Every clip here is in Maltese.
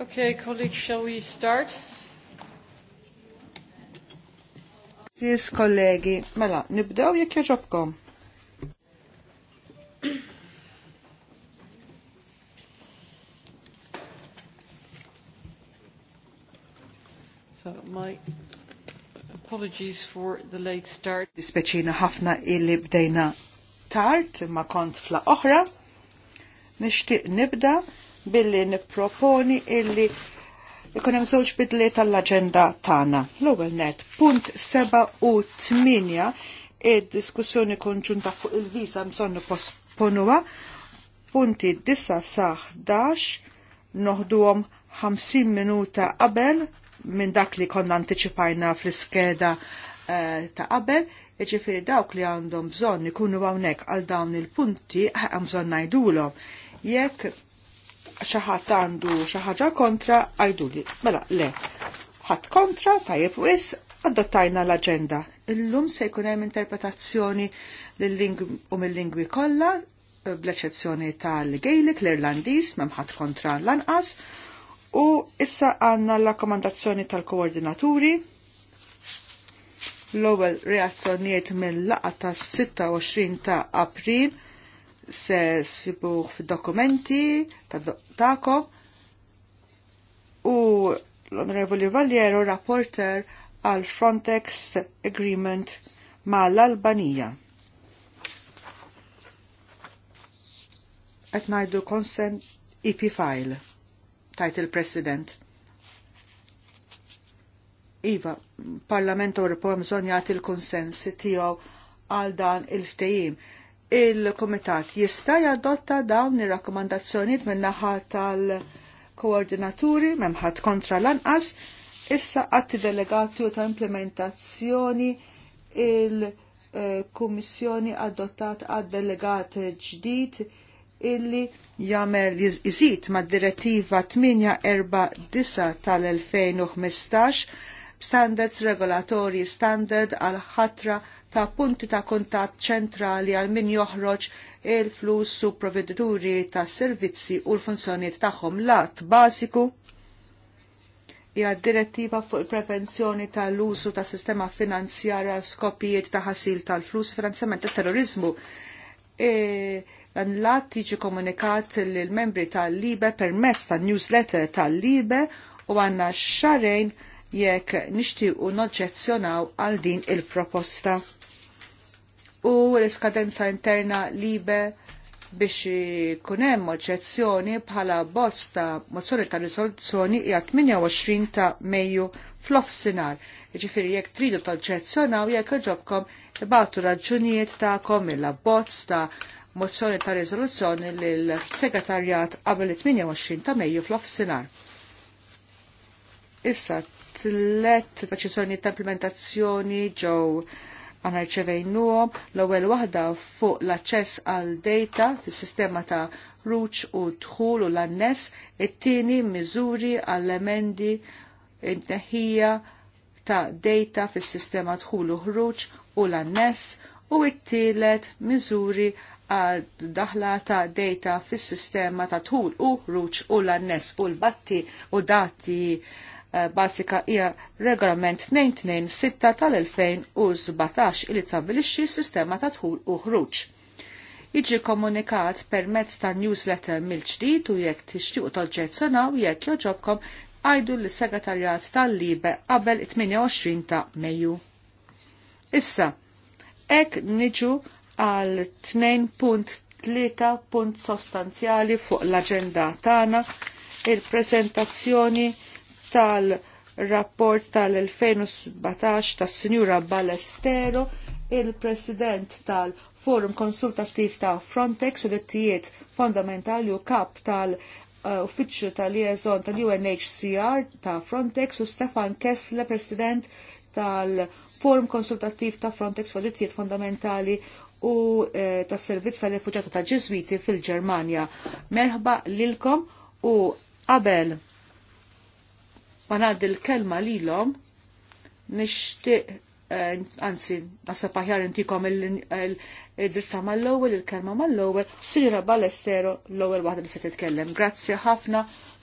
Okay, colleagues, shall we start? Ziz kollegi, mela, nibdew jek jaġobkom. So, my apologies for the late start. Dispeċina ħafna illi bdejna tard ma kont fla oħra. Nishtiq nibda' billi nipproponi illi ikun hemm żewġ tal agenda tagħna. L-ewwel net, punt 7 u 8 id-diskussjoni konġunta fuq il visa msonnu posponuha, punti 9 sa 11 noħduhom 50 minuta qabel minn dak li konna antiċipajna fl-iskeda eh, ta' qabel, ġifiri dawk li għandhom bżonn ikunu hawnhekk għal dawn il-punti għam bżonn ngħidulhom. Jekk xaħat għandu xaħġa kontra għajduli. Mela, le, ħat kontra, tajjeb wis, adottajna l-agenda. Illum se jkun hemm interpretazzjoni lill-lingwi u mill-lingwi kollha, eh, bl-eċezzjoni tal-Gaelic, l-Irlandiż, memħat kontra l-anqas, u issa għanna l-rakkomandazzjoni tal-koordinaturi, l-ewwel reazzjonijiet mill-laqa tas-26 ta' April se sibuħ fil-dokumenti ta'kom u l-Onorevoli Valjero rapporter għal Frontex Agreement ma l-Albanija. Et najdu konsent EP file, Title president Iva, Parlament Ewropew mżon jagħti l-konsens tiegħu għal dan il-ftehim il-Komitat jista' jadotta dawn ir-rakkomandazzjonijiet min-naħa tal-koordinaturi memħat kontra lanqas issa għatti delegati ta' implementazzjoni il-Kummissjoni adottat għad delegat ġdid illi jagħmel jiżid mad-direttiva 849 tal-2015 standards regolatorji standard għal ħatra ta' punti ta' kuntatt ċentrali għal min joħroġ il-flus su provvedituri ta' servizzi u l-funzjoniet tagħhom lat bażiku hija direttiva fuq il-prevenzjoni tal-użu ta' sistema finanzjara skopijiet ta' ħasil tal-flus finanzjament tal-terrorizmu. E, dan l-att komunikat l-membri tal-Libe permezz ta' newsletter tal-Libe u għanna xarejn jekk nixtiequ noġġezzjonaw għal din il-proposta u l-iskadenza interna libe biex kunem oġġezzjoni bħala bozz ta' mozzjoni ta' risoluzzjoni hija 28 ta' Mejju fl-offsinar. Ġifiri, jekk tridu toġġezzjonaw jekk ġobkom ibatu raġunijiet tagħkom il bozz ta' mozzjoni ta' riżoluzzjoni l segretarjat qabel 28 ta' Mejju fl-offsinar. Issa tlet let ta' implementazzjoni ġew għana rċevejnuhom l-ewwel waħda fuq l-aċċess għal data fis-sistema ta' ruċ u dħul u l-annes, it-tieni miżuri għall-emendi id neħija ta' data fis-sistema dħul u ħruġ u l-annes u it-tielet miżuri għad daħla ta' data fis-sistema ta' dħul u ħruġ u l-annes u l-batti u dati Eh, basika hija regolament 226 tal-2017 li tabbilixxi sistema ta' dħul u ħruġ. Iġi komunikat permezz ta' newsletter mill-ġdid u jekk tixtiequ toġġezzjonaw jekk joġobkom għajdu l-Segretarjat tal-Libe qabel 28 ta' Mejju. Issa, ek niġu għal 2.3 punt sostanzjali fuq l-agenda tagħna il-prezentazzjoni tal-rapport tal-2017 tas-Sinjura Balestero, il-President tal-Forum Konsultattiv ta' Frontex u dettijiet fondamentali u kap tal-Uffiċċju eh, tal-Liaison tal-UNHCR ta' Frontex u Stefan Kessler, President tal-Forum Konsultattiv ta' Frontex u dettijiet fondamentali u ta' eh, tas servizz tal-refuġjati ta' Ġiżwiti fil-Ġermanja. Merħba lilkom u qabel ma ngħaddi l-kelma lilhom nixtieq eh, anzi nasab aħjar intikom il-dritta mal-ewwel, il-kelma mal-ewwel, Sinjura Balestero l-ewwel waħda li se titkellem. Grazie ħafna,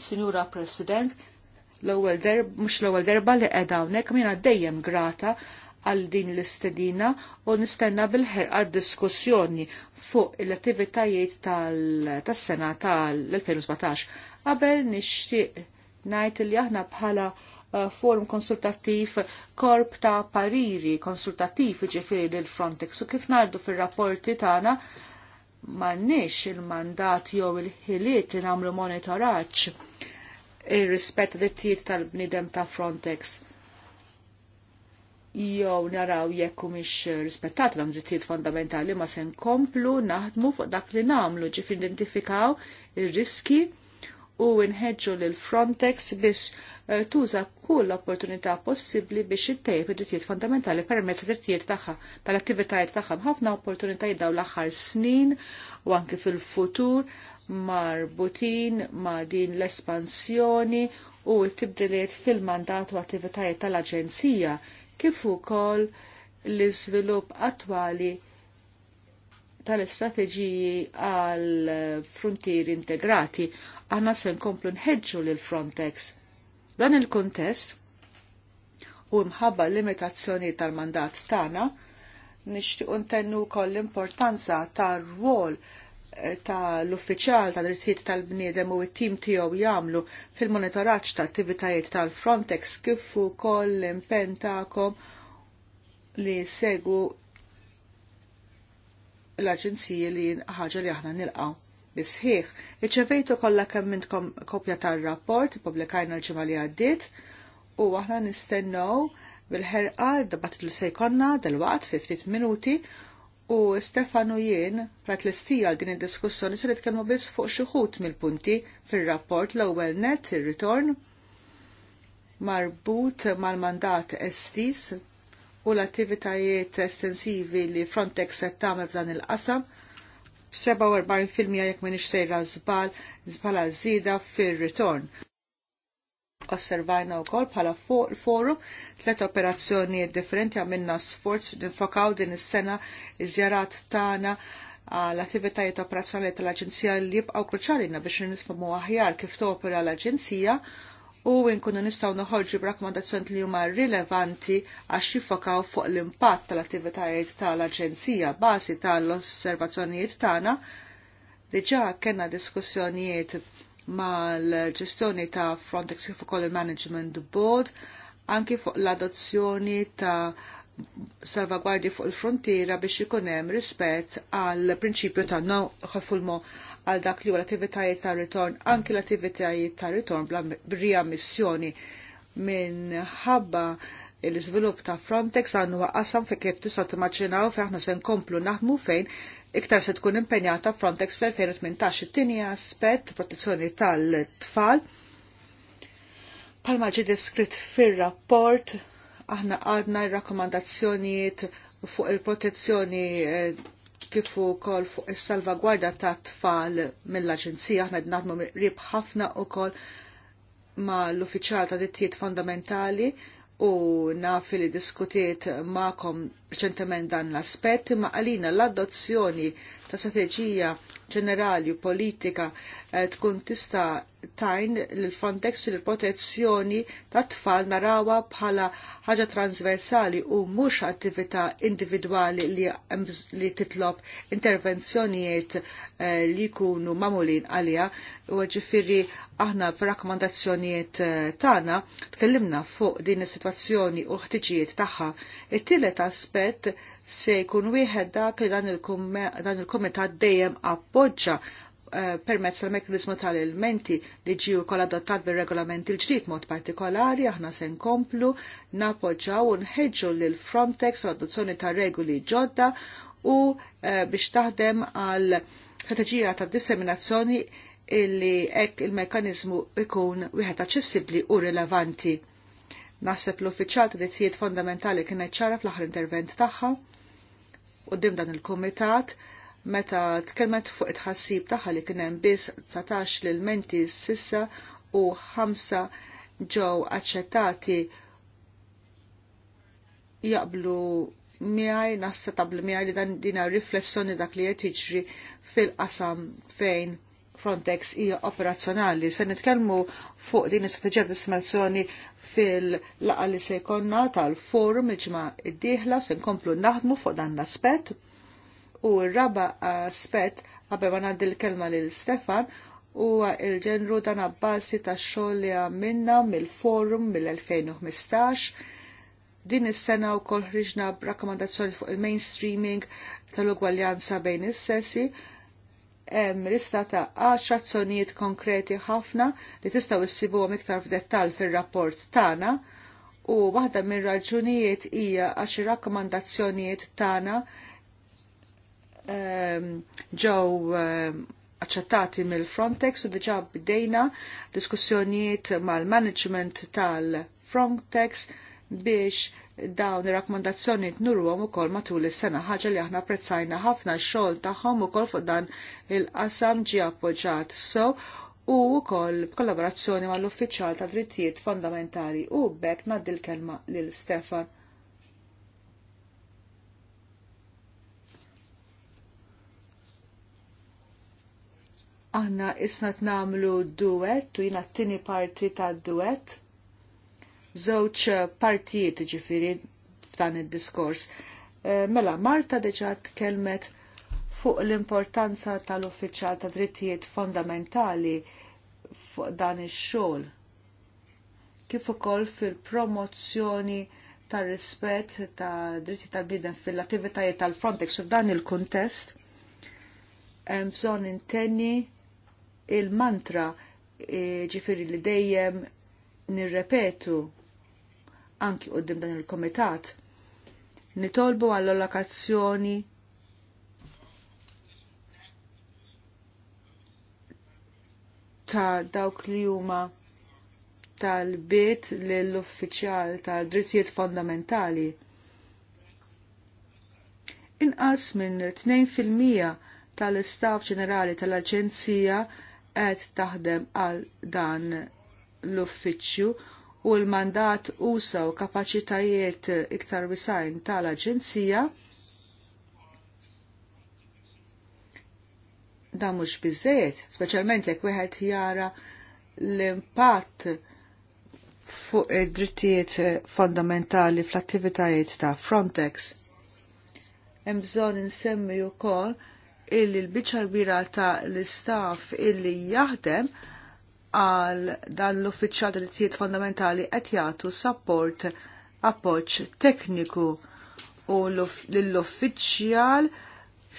Sinjura President, l-ewwel derba mhux l-ewwel derba li qiegħda hawnhekk jiena dejjem grata għal din l-istedina u nistenna bil għad diskussjoni fuq l-attivitajiet tas-sena tal-2017. Qabel nixtieq ngħid li aħna bħala uh, forum konsultattiv korp ta' pariri konsultattiv ġifiri lil Frontex u kif nardu fil-rapporti tagħna m'għandniex il-mandat jew il-ħiliet li nagħmlu monitoraġġ ir-rispett drittijiet tal-bnidem ta' Frontex jew naraw jekk mhix rispettat l drittijiet fondamentali ma se nkomplu naħdmu fuq dak li nagħmlu ġif identifikaw ir-riski u nħedġu l Frontex biex eh, tuża kull opportunità possibbli biex ittejjeb id-drittijiet fundamentali permezz id-drittijiet tagħha tal-attivitajiet tagħha b'ħafna opportunitajiet daw l-aħħar snin u anke fil-futur marbutin ma' din l-espansjoni u t-tibdiliet fil-mandat u attivitajiet tal-Aġenzija kif ukoll l-iżvilupp attwali tal-istrateġiji għal frontieri integrati aħna se nkomplu nħeġġu l Frontex. Dan il-kuntest u mħabba limitazzjoni tal-mandat tagħna nixtiequ ntennu wkoll l-importanza tar-rwol eh, tal-uffiċjal ta' drittijiet tal-bniedem u t-tim tiegħu jagħmlu fil-monitoraġġ ta' attivitajiet tal-Frontex kif ukoll l-impenn tagħkom li segu l-aġenziji li ħaġa li aħna nilqaw bisħiħ. iċċevejtu kollha kemm minnkom kopja tar-rapport publikajna l-ġimgħa li għaddiet u aħna nistennew bil-ħerqa dibattitu se jkollna dal-waqt fi ftit minuti u Stefano jien prat l-istija din id-diskussjoni se nitkellmu biss fuq xi ħut mill-punti fir-rapport l-ewwel net ir-ritorn marbut mal-mandat estis u l-attivitajiet estensivi li Frontex qed tagħmel f'dan il-qasam 47% jekk m'inhiex sejra zbal, zbala żieda fir-ritorn. Osservajna wkoll bħala forum tliet operazzjonijiet differenti għamilna sforz nifokaw din is-sena iżjarat tana tagħna l-attivitajiet operazzjonali tal-Aġenzija li jibqgħu na biex nisfhmu aħjar kif topera l-Aġenzija u nkunu nistgħu noħorġu b'rakkomandazzjoni li huma rilevanti għax jiffokaw fuq l-impatt tal-attivitajiet tal-Aġenzija bażi tal-osservazzjonijiet tagħna. Diġà kellna diskussjonijiet mal-ġestjoni ta' Frontex kif ukoll il-Management Board anki fuq l-adozzjoni ta' salvagwardji fuq il-frontiera biex ikun hemm rispett għall prinċipju ta' no ħafulmo għal dak li l-attivitajiet ta' ritorn, anki l-attivitajiet ta' ritorn bla missjoni minħabba l-iżvilupp ta' Frontex għandu għasam fi kif tista' maċinaw fejn aħna se nkomplu naħdmu fejn iktar se tkun impenjata Frontex fe 2018 It-tieni aspett protezzjoni tal-tfal. Palma ġi deskritt fir-rapport aħna għadna r-rakkomandazzjonijiet fuq il-protezzjoni eh, kif ukoll fuq is-salvagwarda ta' tfal mill-Aġenzija aħna qed naħdmu rib ħafna ukoll ma' l-Uffiċjal ta' Dittijiet Fondamentali u naf li diskutiet ma'kom reċentement dan l-aspett imma għalina l-adozzjoni ta' strateġija ġenerali u politika eh, tkun tista' tajn l-Frontex l-protezzjoni tat tfal narawa bħala ħaġa transversali u mhux attività individwali li, li titlob intervenzjonijiet eh, li jkunu mamulin għalija u ġifiri aħna fir-rakkomandazzjonijiet eh, tagħna tkellimna fuq din is-sitwazzjoni u ħtiġijiet tagħha. It-tielet aspett se jkun wieħed dak li dan il-kumitat dejjem appoġġa Eh, permezz tal-mekanizmu tal elmenti li ġiju kol adottat bil regolamenti il-ġdid mod partikolari, aħna se nkomplu napoġaw u nħeġġu Frontex l-adozzjoni ta' regoli ġodda u eh, biex taħdem għal strategija ta' disseminazzjoni illi ek il-mekanizmu ikun wieħed aċċessibbli u rilevanti. Naħseb l-uffiċjal ta' dettijiet fondamentali kienet ċara fl-aħħar intervent tagħha u dan il kumitat meta tkellmet fuq it-ħassib tagħha li kien hemm biss 19 l-menti sissa u 5 ġew aċċettati jaqblu miegħi nassa tablu miegħi li dan dina riflessjoni dak li qed jiġri fil-qasam fejn Frontex hija operazzjonali. Se nitkellmu fuq din istrateġija dismerazzjoni fil-laqa li se jkollna tal-forum il-ġimgħa id dieħla se nkomplu naħdmu fuq dan l-aspett U r-raba aspett qabel ma ngħaddi l-kelma lil Stefan huwa il-ġenru dan abbasi ta' xogħol li għamilna mill-forum mill-2015. Din is-sena wkoll ħriġna b'rakkomandazzjoni fuq il-mainstreaming tal-ugwaljanza bejn is-sessi hemm lista ta' 10 azzjonijiet konkreti ħafna li tistgħu issibuhom iktar f'dettall fir-rapport tagħna u waħda mir raġunijiet hija għax ir-rakkomandazzjonijiet tagħna Ehm, ġew ehm, aċċettati mill-Frontex u diġà bdejna diskussjonijiet mal-management tal-Frontex biex dawn ir-rakkomandazzjoni tnurhom ukoll matul is-sena ħaġa li aħna apprezzajna ħafna x-xogħol tagħhom ukoll fuq dan il-qasam ġie appoġġjat so u wkoll b'kollaborazzjoni mal-Uffiċjal ta' Drittijiet Fondamentali u bekk ngħaddi l-kelma lil Stefan Aħna isna t-namlu duet, u jina t-tini parti ta' duet. Zoċ partijiet ġifiri f'dan il-diskors. Eh, mela, Marta deġa t-kelmet fuq l-importanza tal-uffiċjal ta' drittijiet fondamentali fuq dan ix-xogħol. Kif ukoll fil-promozzjoni tar-rispett ta' dritti tal-bniedem fil-attivitajiet tal-Frontex f'dan il-kuntest hemm bżonn intenni il-mantra e, ġifiri li dejjem nirrepetu anki u dan il-komitat nitolbu għall-allokazzjoni ta' dawk li huma tal-bit l-uffiċjal tal-drittijiet fondamentali. Inqas minn 2% tal-istaff ġenerali tal-Aġenzija qed taħdem għal dan l-uffiċċju u l-mandat usa u kapaċitajiet iktar wisajn tal-Aġenzija da mhux biżejjed, speċjalment jekk wieħed jara l-impatt fuq id-drittijiet fondamentali fl-attivitajiet ta' Frontex. Hemm bżonn insemmi wkoll illi l-biċċa kbira ta' l-istaff illi jaħdem għal dan l-uffiċjal drittijiet fondamentali qed jagħtu support appoġġ tekniku u l-uffiċjal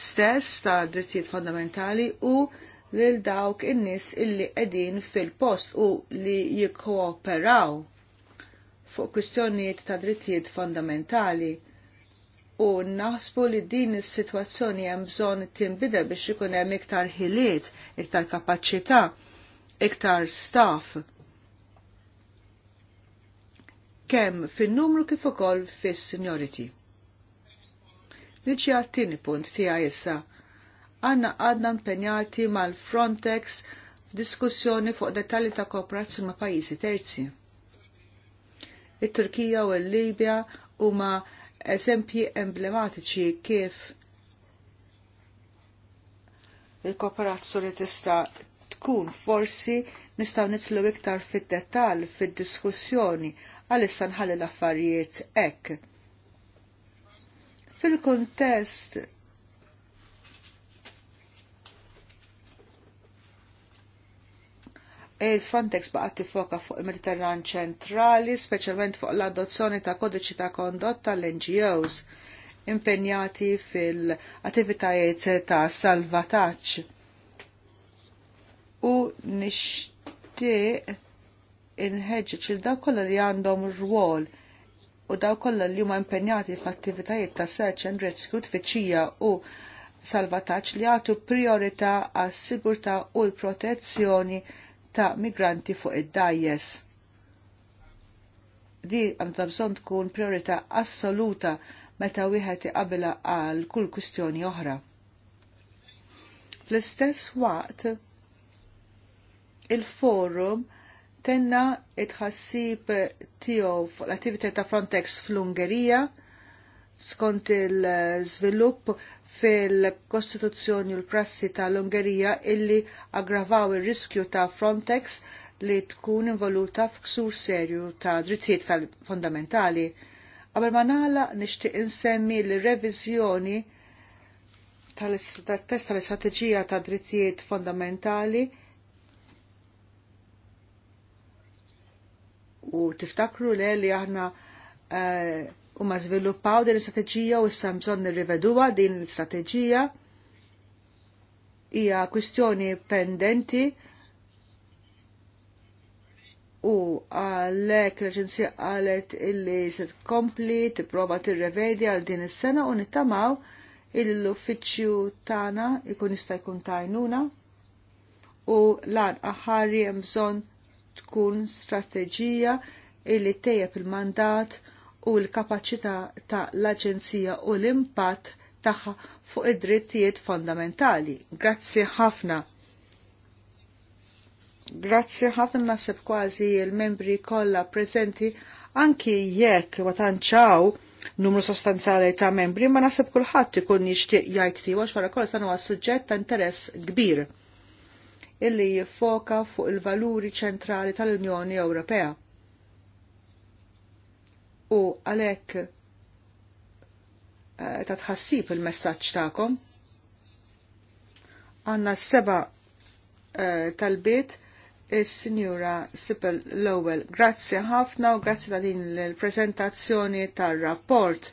stess ta' drittijiet fondamentali u lil dawk in-nies illi qegħdin fil-post u li jikkooperaw fuq kwistjonijiet ta' drittijiet fondamentali u naħsbu li din is-sitwazzjoni hemm bżonn tinbidel biex ikun hemm iktar ħiliet, iktar kapaċità, iktar staff. Kemm fin-numru kif ukoll fis-seniority. Niġi għat-tieni punt tiegħi issa. Għanna għadna impenjati mal-Frontex f'diskussjoni fuq dettalji ta' kooperazzjoni ma' pajjiżi terzi. It-Turkija u l-Libja huma eżempji emblematiċi kif il-kooperazzjoni tista' tkun forsi nistgħu nitlu iktar fid-dettall fid-diskussjoni għalissa nħalli l-affarijiet hekk. Fil-kontest il-Frontex baqa tifoka fuq il-Mediterran ċentrali, speċjalment fuq l-adozzjoni ta' kodiċi ta' kondotta tal-NGOs impenjati fil-attivitajiet ta' salvataċ. U nixtieq inħeġġeġ ċil daw kollha li għandhom rwol u daw kollha li huma impenjati f'attivitajiet ta' search and rescue tfittxija u salvataċ li għatu priorità għas-sigurtà u l-protezzjoni ta' migranti fuq id-dajjes. Di għandha bżonn tkun priorità assoluta meta wieħed iqabela għal kull kwistjoni oħra. Fl-istess waqt, il-forum tenna itħassib tiegħu fuq l-attività ta' Frontex fl-Ungerija skont il-żvilupp fil-Kostituzzjoni u l-prassi tal-Ungerija illi aggravaw ir-riskju ta' Frontex li tkun involuta f'ksur serju ta' drittijiet tal-fondamentali. Qabel ma nagħla nixtieq insemmi li reviżjoni tal-test tal-istrateġija ta' drittijiet fondamentali u tiftakru le li aħna uh, u ma żviluppaw din l-istrateġija u issa bżonn nirrivedua din l-istrateġija hija kwistjoni pendenti u għalhekk l-Aġenzija qalet illi se tkompli tipprova tirrevedi għal din is-sena u nittamaw il-uffiċċju tagħna jkun jista' jkun tajnuna u lan aħari hemm bżonn tkun strateġija illi tejjeb il-mandat il mandat u l-kapacità ta' l-Aġenzija u l-impatt tagħha fuq id-drittijiet fondamentali. Grazzi ħafna. Grazzi ħafna nasib kważi il-membri kollha preżenti anki jekk watanċaw numru sostanzjali ta' membri ma nasib kulħadd ikun jixtieq jgħid tiegħu għax wara kollox huwa suġġett ta' interess kbir illi jiffoka fuq il-valuri ċentrali tal-Unjoni Ewropea u għalhekk eh, ta' tħassib il-messaġġ tagħkom. s seba tal eh, tal-bit il sinjura Sipel Lowell. Grazzi ħafna u grazzi ta' din l-prezentazzjoni tar-rapport.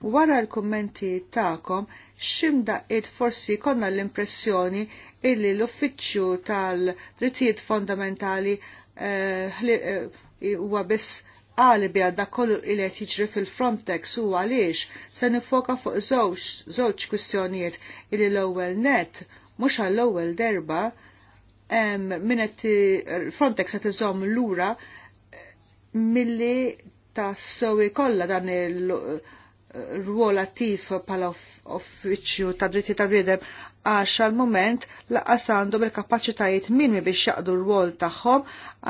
Wara l-kummenti tagħkom ximda id forsi konna l-impressjoni illi l-uffiċċju tal-drittijiet fondamentali eh, huwa biss qalbi għal dak kollu il-għet jiġri fil-Frontex u għaliex se nifoka fuq żewġ kustjonijiet kwistjonijiet li l-ewwel net mhux għall-ewwel derba min qed Frontex qed iżomm lura eh, milli sowi kolla dan il eh, ruol attiv pala uffiċċju ta' dritti ta' bniedem għax għal moment laqqas għandhom il-kapaċitajiet minmi biex jaqdu l wol tagħhom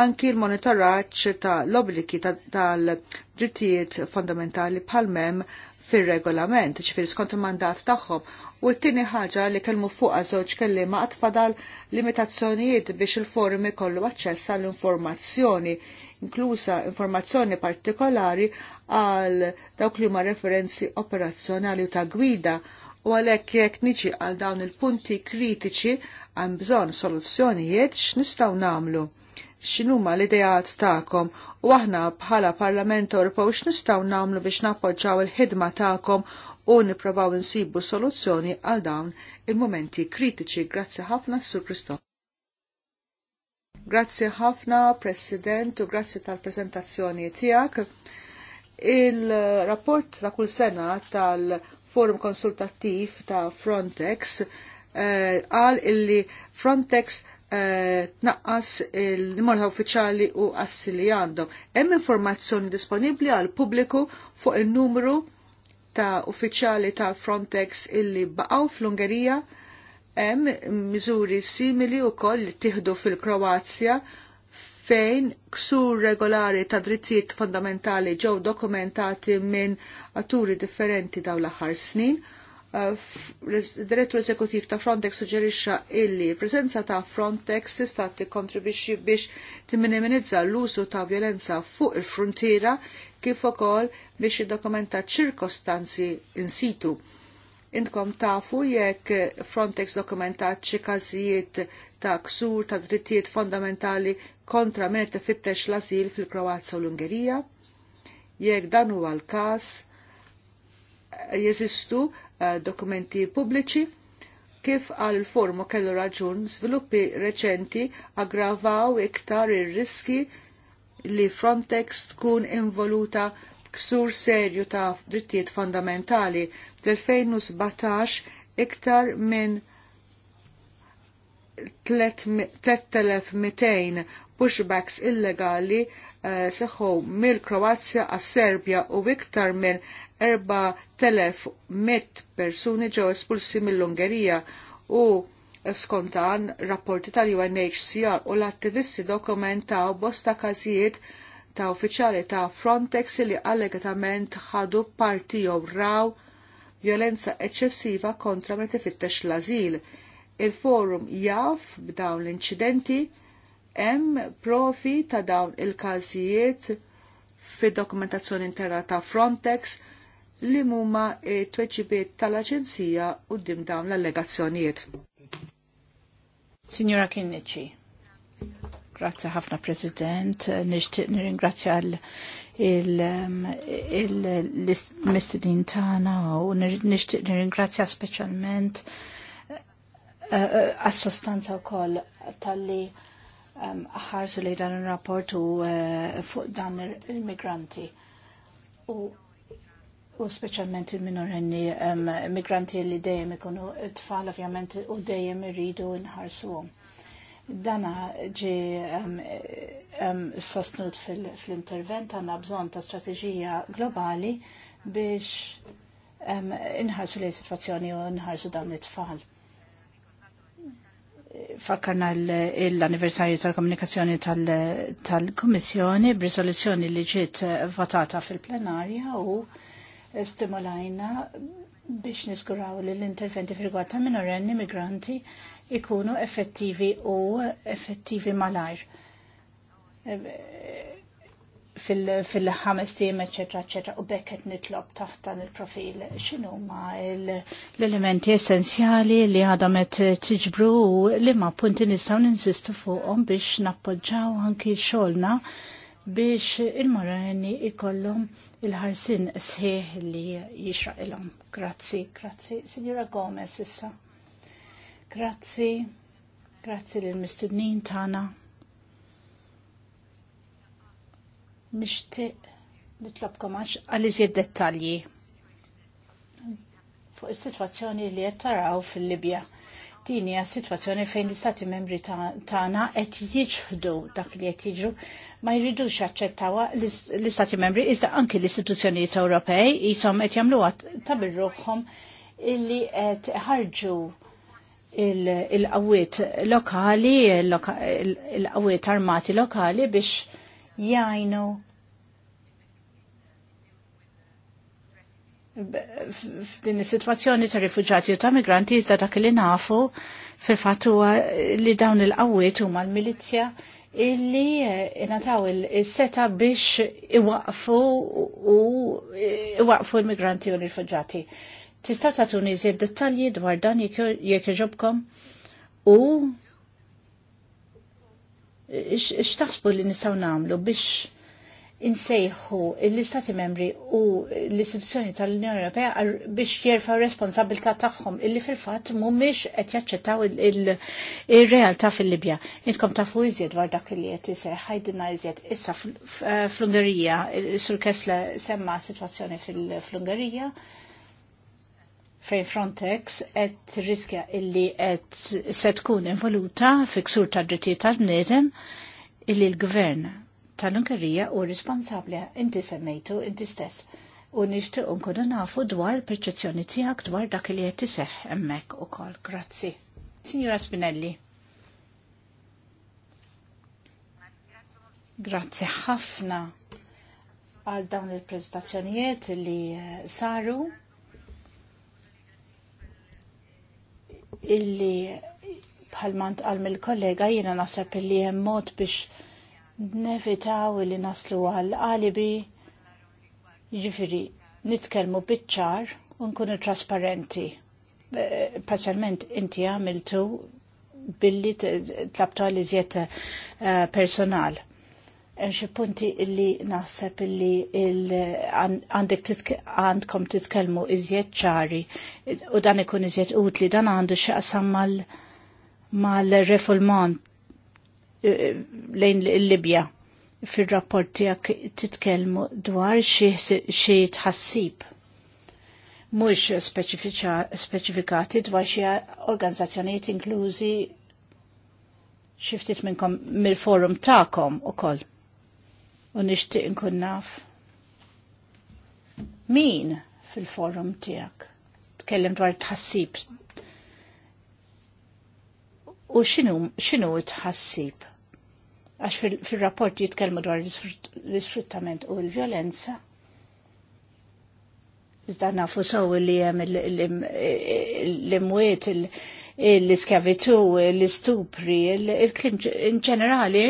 anki l-monitoraġġ ta' l-obliki tal-drittijiet fondamentali bħal-mem fil-regolament, ċifir skont il-mandat tagħhom. U t-tini ħaġa li kellmu fuqha żewġ qatt għatfadal limitazzjonijiet biex il-forum ikollu aċċess għall informazzjoni inklusa informazzjoni partikolari għal dawk li ma referenzi operazzjonali u ta' gwida u għalhekk jekk niġi għal dawn il-punti kritiċi għan bżonn soluzzjonijiet x'nistgħu nagħmlu. X'inhuma l-idejat tagħkom u aħna bħala Parlament Ewropew x'nistgħu nagħmlu biex nappoġġaw il-ħidma tagħkom u nipprovaw insibu soluzzjoni għal dawn il-momenti kritiċi. Grazzi ħafna, Sur Kristof. Grazzi ħafna, President, u grazzi tal-prezentazzjoni tiegħek. Il-rapport ta' kull sena tal- forum konsultattiv ta' Frontex eh, għal uh, illi Frontex eh, tnaqqas il ta' uffiċjali u assi li għandhom. Hemm informazzjoni disponibbli għal pubbliku fuq in-numru ta' uffiċjali ta' Frontex illi baqgħu fl-Ungerija hemm miżuri simili wkoll li tieħdu fil-Kroazja fejn ksur regolari ta' drittijiet fondamentali ġew dokumentati minn atturi differenti daw l-aħħar snin. Uh, direttur eżekutiv ta' Frontex suġġerixxa illi preżenza ta' Frontex tista' tikkontribwixxi biex timminimizza l-użu ta' violenza fuq il-frontiera kif ukoll biex iddokumenta ċirkostanzi in situ. Intkom tafu jekk Frontex dokumentat xi każijiet ta' ksur ta' drittijiet fondamentali kontra meta fittex tifittex l-asil fil-Kroazja u l-Ungerija. Jekk dan huwa l-każ jeżistu eh, dokumenti pubbliċi kif għal formu kellu raġun sviluppi reċenti aggravaw iktar ir-riski li Frontex tkun involuta ksur serju ta' drittijiet fondamentali fl-2017 iktar minn 3200 pushbacks illegali uh, seħħu mill-Kroazja għas serbja u iktar minn 4100 persuni ġew espulsi mill-Ungerija u skontan rapporti tal-UNHCR u l-attivisti dokumentaw bosta każijiet ta' uffiċjali ta' Frontex li allegatament ħadu parti jew raw violenza eċċessiva kontra meta l-azil Il-forum jaf b'dawn l-inċidenti hemm profi ta' dawn il-każijiet fid-dokumentazzjoni interna ta' Frontex li huma t-tweġibiet tal-Aġenzija u dim dawn l-allegazzjonijiet. Signora Kinnici, grazzi ħafna President, nixtieq nirringrazzja il-mistedin tagħna u nixtieq nirringrazzja speċjalment Eh, eh, għas-sostanza wkoll tal-li ehm, ħarsu li dan il-rapport u eh, fuq dan il-migranti. U specialment il-minorenni ehm, migranti li dejjem ikunu t tfal ovvjament u dejjem irridu nħarsuhom. Dana ġi ehm, sostnut fil-intervent għanna bżon ta' strategija globali biex inħarsu li situazzjoni u nħarsu dawn it-tfal fakkarna l-anniversarju tal-komunikazzjoni tal-Komissjoni tal b'risoluzzjoni li ġiet votata fil-plenarja u stimolajna biex niskuraw li l-interventi fil-gwad ta' minorenni migranti ikunu effettivi u effettivi malajr fil-ħames tim, eccetera, eccetera, u bekket nitlob taħt dan il-profil xinu ma l-elementi essenzjali li għadamet tiġbru li ma punti nistaw ninsistu fuqom biex nappoġġaw anki xolna biex il-morani ikollom il-ħarsin sħiħ li jixraqilhom. Grazzi, grazzi. Signora Gomez issa. Grazzi, grazzi l-mistednin tana. nixtieq nitlobkom għax għal-iżjed dettalji fuq is-sitwazzjoni li qed taraw fil-Libja. Din hija sitwazzjoni fejn l-Istati Membri tagħna qed jiġħdu dak li qed jiġu ma jridux jaċċettawha l-Istati Membri iżda anki l-istituzzjonijiet Ewropej jisom qed jagħmluha tabir ruħhom illi qed ħarġu il qawiet lokali, il qawiet armati lokali biex jajnu f'din is-sitwazzjoni ta' rifuġati u ta' migranti iżda dak li nafu fil-fatt huwa li dawn il-qawwiet huma l-milizzja illi eh, inataw il-seta biex iwaqfu u eh, iwaqfu l-migranti u l-rifuġati. Tistaw ta' tuni iżjed dettalji dwar dan jekk iġobkom u x'taħsbu li nistgħu nagħmlu biex insejħu l-Istati membri u l-istituzzjoni tal-Unjoni Ewropea biex jerfaw responsabilità tagħhom illi fil-fatt mhumiex qed jaċċettaw il realtà fil-Libja. Intkom tafu iżjed dwar dak li qed iseħħ ħajdinna iżjed issa fl-Ungerija, Sur Kessler semma sitwazzjoni fil-Ungerija. fl fejn Frontex qed riskja illi et se tkun involuta fi ksur ta' drittijiet tal-bniedem illi l-gvern tal-Unkarija u responsabbli inti semmejtu inti stess u nishtu nkunu nafu dwar perċezzjoni tiegħek dwar dak li qed iseħħ hemmhekk ukoll. Grazzi. Signora Spinelli. Grazzi ħafna għal dawn il-prezentazzjonijiet li eh, saru illi bħalmant għal mill-kollega jiena nasab illi hemm mod biex nevitaw illi naslu għal għalibi jiġifieri nitkellmu biċ-ċar u nkunu trasparenti. Parzjalment inti għamiltu billi tlabtu għal iżjed eh, personal xi punti illi naħseb illi għandek għandkom titkellmu iżjed ċari u dan ikun iżjed utli dan għandu qasam mal-refulman eh, lejn il-Libja fil-rapport tiegħek titkellmu dwar xi tħassib mhux speċifikati dwar xi organizzazzjonijiet inklużi xiftit minnkom mill-forum ta'kom u koll u nixtieq nkun naf. Min fil-forum tiegħek? Tkellem dwar tħassib. U x'inhu tħassib? Għax fil-rapport jitkellmu dwar l-isfruttament u l-vjolenza. Iżda nafu sawu li hemm l-imwiet il-, il, il, il, il, il, il, il, il l-iskavitu, l-istupri, il-klim in ġenerali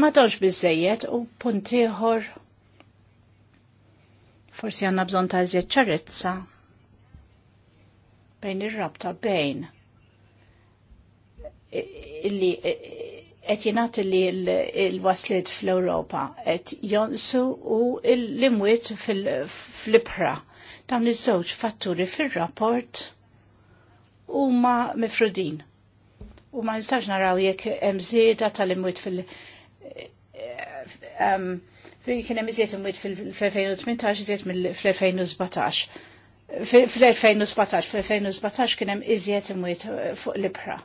ma doġ bizzejiet u puntiħor forsi għanna bżon ta' zjed ċarezza bejn ir-rabta bejn illi qed jingħati li l-waslit fl-Ewropa qed jonsu u l-imwiet fl-ibħra. Dawn iż-żewġ fatturi fir-rapport huma mifrudin. U ma nistax naraw jekk hemm żieda tal-imwiet fil- eh, Fri kien hemm iżjed imwiet fil-2018 iżjed mill-2017. Fil-2017, fil-2017 kien hemm iżjed imwiet eh, fuq l-ibħra.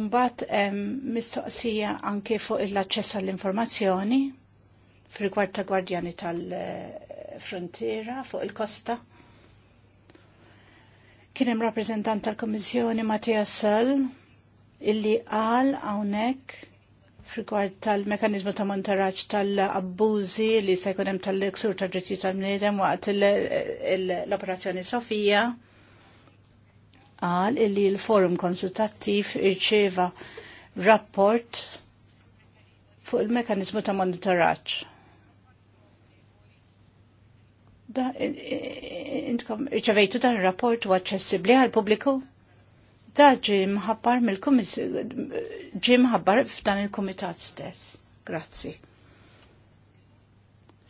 Umbat mistoqsija anke fuq l-aċċess għall-informazzjoni fil-rigward ta' gwardjani tal-frontiera eh, fuq il-kosta. Kien hemm rappreżentant tal-Kummissjoni Mattia Sell illi qal hawnhekk f'rigward tal-mekanizmu ta' montaraġġ tal-abbużi li se jkun hemm tal-iksur ta' drittijiet tal-bniedem waqt l-operazzjoni Sofija qal illi l-forum konsultattiv irċieva rapport fuq il-mekanizmu ta' monitoraġġ Eh, eh, intkom riċevejtu dan il-rapport u aċċessibbli għal pubbliku? Da ġim ħabbar mill komis ġim ħabbar f'dan il-kumitat stess. Grazzi.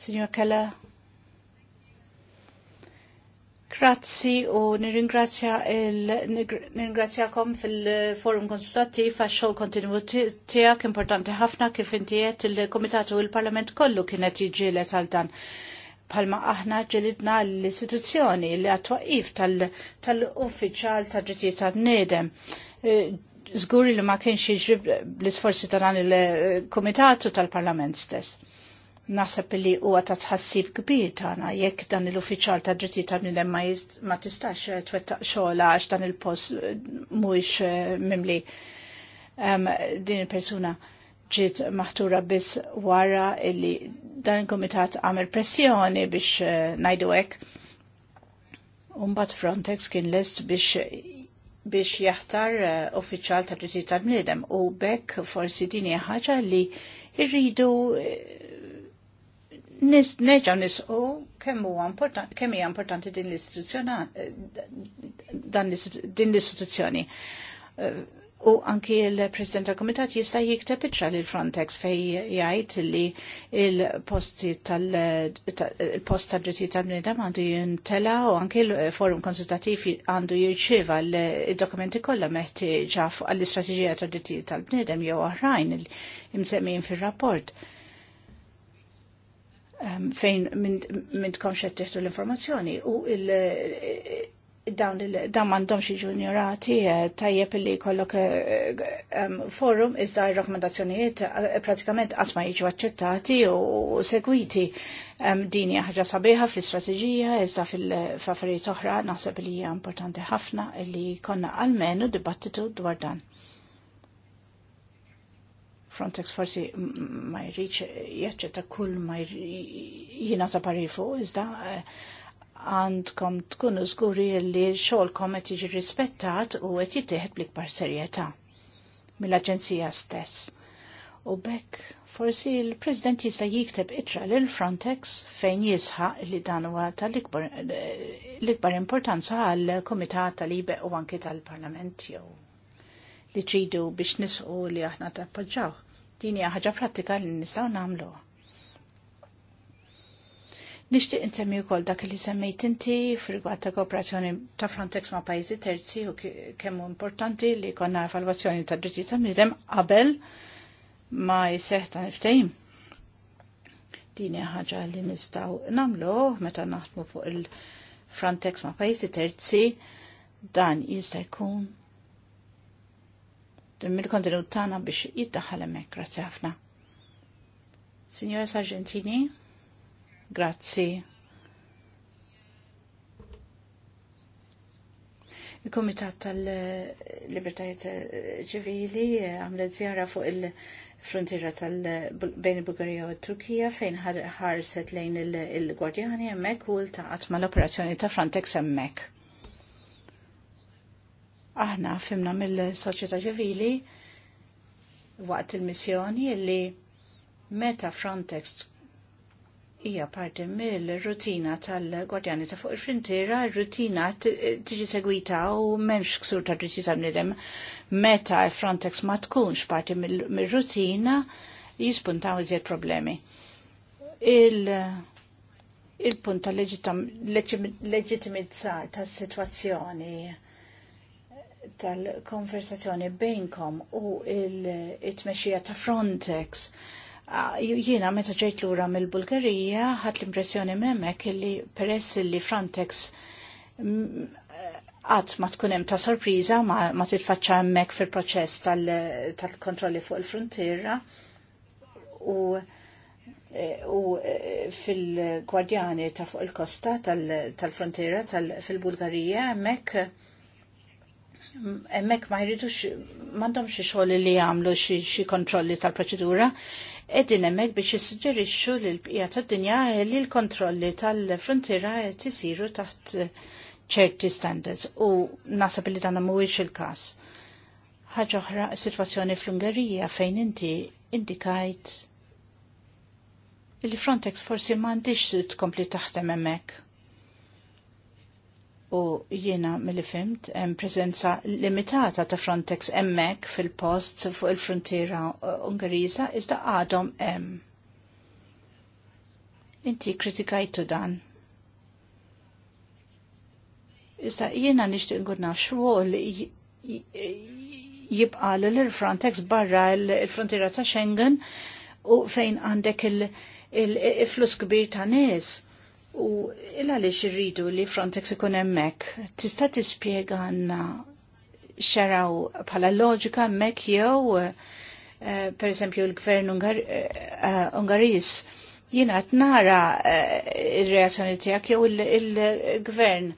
Signor Kella, Grazzi u nirringrazzjakom fil-forum konsultattiv għax xogħol kontinwu tiegħek importanti ħafna kif inti qed il-Komitat u l-Parlament kollu kienet jiġielet għal dan palma aħna ġelidna l-istituzzjoni li għat-twaqif tal-uffiċjal tal ġitiet tal-nedem. Eh, Zguri li ma kienx jiġrib l-isforzi ta' dan il-komitatu tal-parlament stess. Nasab li huwa ta' tħassib kbir tagħna jekk dan l-uffiċjal ta' ġitiet ta' nedem ma tistax twettaq xogħla għax dan il-post eh, mhuwiex eh, mimli din il-persuna ġiet maħtura biss wara illi dan il-komitat għamil pressjoni biex uh, najdu hekk. Umbat Frontex kien lest biex biex jaħtar uh, uffiċjal ta' dritti ta' bniedem u bekk forsi dini ħaġa li irridu eh, nis, neġa nis u huwa important, kemm hija importanti din l-istituzzjoni din l-istituzzjoni. Uh, U anki il-President tal-Komitat jista' jikteb iċċa lil Frontex fej jgħid li il-posti tal-post ta' dritti tal-bniedem għandu jintela u anki il-forum konsultativ għandu jirċieva l-dokumenti kollha meħtieġa għall-istrateġija ta' dritti tal-bniedem jew oħrajn imsemmin fir-rapport. Fejn minn tkomx qed l-informazzjoni u il- dawn dam għandhom xi ignorati eh, tajjeb li jkollok eh, eh, um, forum iżda r-rakkomandazzjonijiet pratikament qatt ma jiġu aċċettati u segwiti um, din ħaġa sabiħa fl-istrateġija iżda fil-affarijiet oħra naħseb li hija importanti ħafna li konna għalmenu dibattitu dwar dan. Frontex forsi ma jriċ jaċċetta kull ma jina ta' parifu iżda uh, għandkom tkunu zguri li xogħolkom qed jiġi rispettat u qed jittieħed bl-ikbar serjetà mill-Aġenzija stess. U bekk forsi l-President jista' jikteb itra lil Frontex fejn jisħaq li dan huwa tal-ikbar l-ikbar importanza għal komitat tal-ibe u anki tal-Parlament jew li tridu biex nisqu li aħna tappoġġaw. Din hija ħaġa pratika li nistgħu nagħmluha. Nixtieq insemmi wkoll dak li semmejt inti f'rigward ta' kooperazzjoni ta' Frontex ma' pajjiżi terzi u kemm importanti li jkollna evalwazzjoni ta' drittijiet ta' mnidem qabel ma' jiseħ ta' niftehim. Din hija ħaġa li nistgħu namlu meta naħdmu fuq il-Frontex ma' pajjiżi terzi dan jista' jkun mill-kontenut tagħna biex jiddaħħal hemmhekk. Grazzi ħafna. Signora Sargentini? Grazzi. Il-Komitat tal-Libertajiet ċivili għamlet zjara fuq il-frontiera tal-bejn il-Bulgarija u Turkija fejn ħarset lejn il-Gwardjani hemmhekk u ma mal-operazzjoni ta' Frontex hemmhekk. Aħna fimna mill-soċjetà ċivili waqt il-missjoni li meta Frontex hija parti mill-rutina tal-Gwardjani ta' fuq il frintira rutina tiġi segwita u m'hemmx ksur ta' dritti tal-nidem meta Frontex ma tkunx parti mill-rutina jispuntaw iżjed problemi. Il- punt ta' leġitimizzar ta' situazzjoni tal-konversazzjoni bejnkom u il-tmexxija ta' Frontex Ah, jiena meta ġejt lura mill-Bulgarija ħadt l-impressjoni minn hemmhekk li peress li Frontex għat mm, ma tkun hemm ta' sorpriża ma titfaċċa hemmhekk fil-proċess tal-kontrolli fuq il-frontiera u e, u e, fil-gwardjani ta' fuq il-kosta tal-frontiera fil-Bulgarija hemmhekk emmek ma jridux mandom xie xoħli li jamlu xie kontrolli tal-proċedura, edin emmek biex jissuġġerixxu l bqija tad-dinja li l-kontrolli tal-frontiera qed isiru taħt eh, ċerti standards u nasab li dan mhuwiex il-każ. Ħaġa oħra sitwazzjoni fl-Ungerija fejn inti indikajt il-Frontex forsi m'għandix tkompli taħdem hemmhekk u jiena mill fimt hemm preżenza limitata ta' Frontex hemmhekk fil-post fuq il-frontiera uh, Ungeriża iżda għadhom hemm. Inti kritikajtu dan. Iżda jiena nixtieq ngur naf xogħol jibqalu lil Frontex barra l-frontiera ta' Schengen u fejn għandek il-flus kbir ta' nies u il li irridu li Frontex ikun hemmhekk. Tista' tispiega għanna xaraw bħala loġika hemmhekk jew eh, per esempio l-gvern eh, Ungaris jina qed nara eh, ir-reazzjoni tiegħek jew il-gvern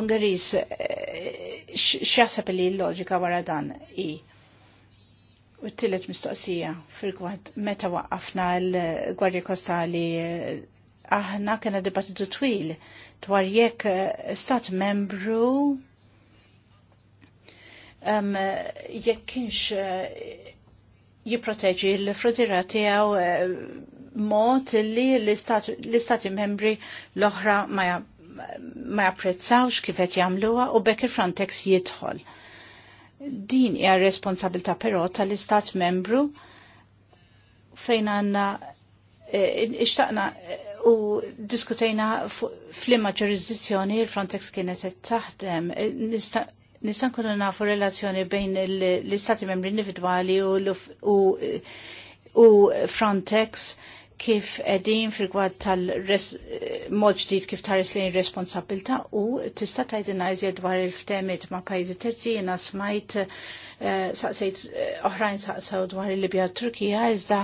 Ungaris x'jaħseb li l-loġika wara dan hi. U t-tillet mistoqsija fil-gwad meta waqqafna l-Gwardja Kostali aħna kena dibattitu twil dwar jekk eh, stat membru um, jekk kienx eh, jipproteġi l-frontiera tiegħu eh, mod li l-istati membri l-oħra ma, japprezzawx kif qed jagħmluha u bekk il-Frontex jidħol. Din hija responsabilità però tal-istat membru fejn għandna uh, ixtaqna u diskutejna flimma ġurisdizzjoni il-Frontex kienet taħdem. E, Nistan kunu nafu relazzjoni bejn l-istati membri individuali u Frontex kif edin fil-gwad tal-mod ġdid kif taris lejn responsabilta u tista' tgħidilna iżjed dwar il-ftemiet ma' pajjiżi terzi jiena smajt saqsejt eh, oħrajn saqsaw dwar il-Libja u Turkija, iżda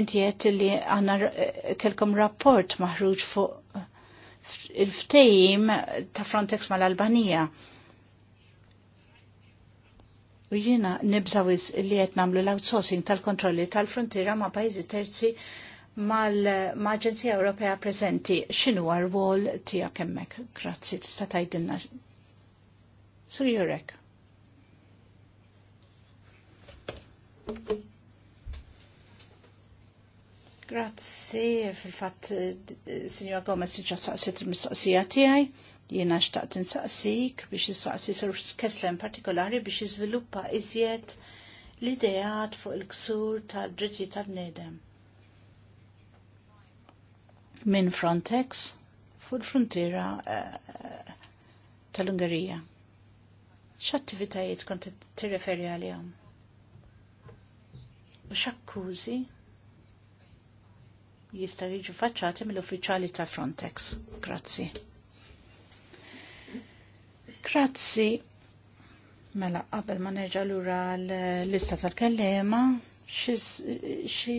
inti qed li għandna eh, kelkom rapport maħruġ fuq eh, il-ftejim ta' Frontex mal-Albanija. U jiena nibżawis li qed nagħmlu l-outsourcing tal-kontrolli tal-frontiera ma' pajjiżi terzi mal-Aġenzija Ewropea preżenti. X'inhu għar wol tiegħek hemmhekk? Grazzi tista' tgħidilna. Sur jurek. Grazzi, fil-fat, eh, Signor Gomez, ġa saqsit il-mistaqsija tiegħi, jiena xtaqt insaqsik biex insaqsi sur kesla in partikolari biex jiżviluppa iżjed l-ideat fuq il-ksur tad dritti tal-nedem. Min Frontex fuq il-frontiera eh, eh, tal-Ungerija. X'attivitajiet kont tirreferi għalihom? u x'akkużi jista' jiġu faċċati mill-uffiċjali ta' Frontex. Grazzi. Grazzi. Mela, qabel ma neġa lura l-lista tal-kellema, xi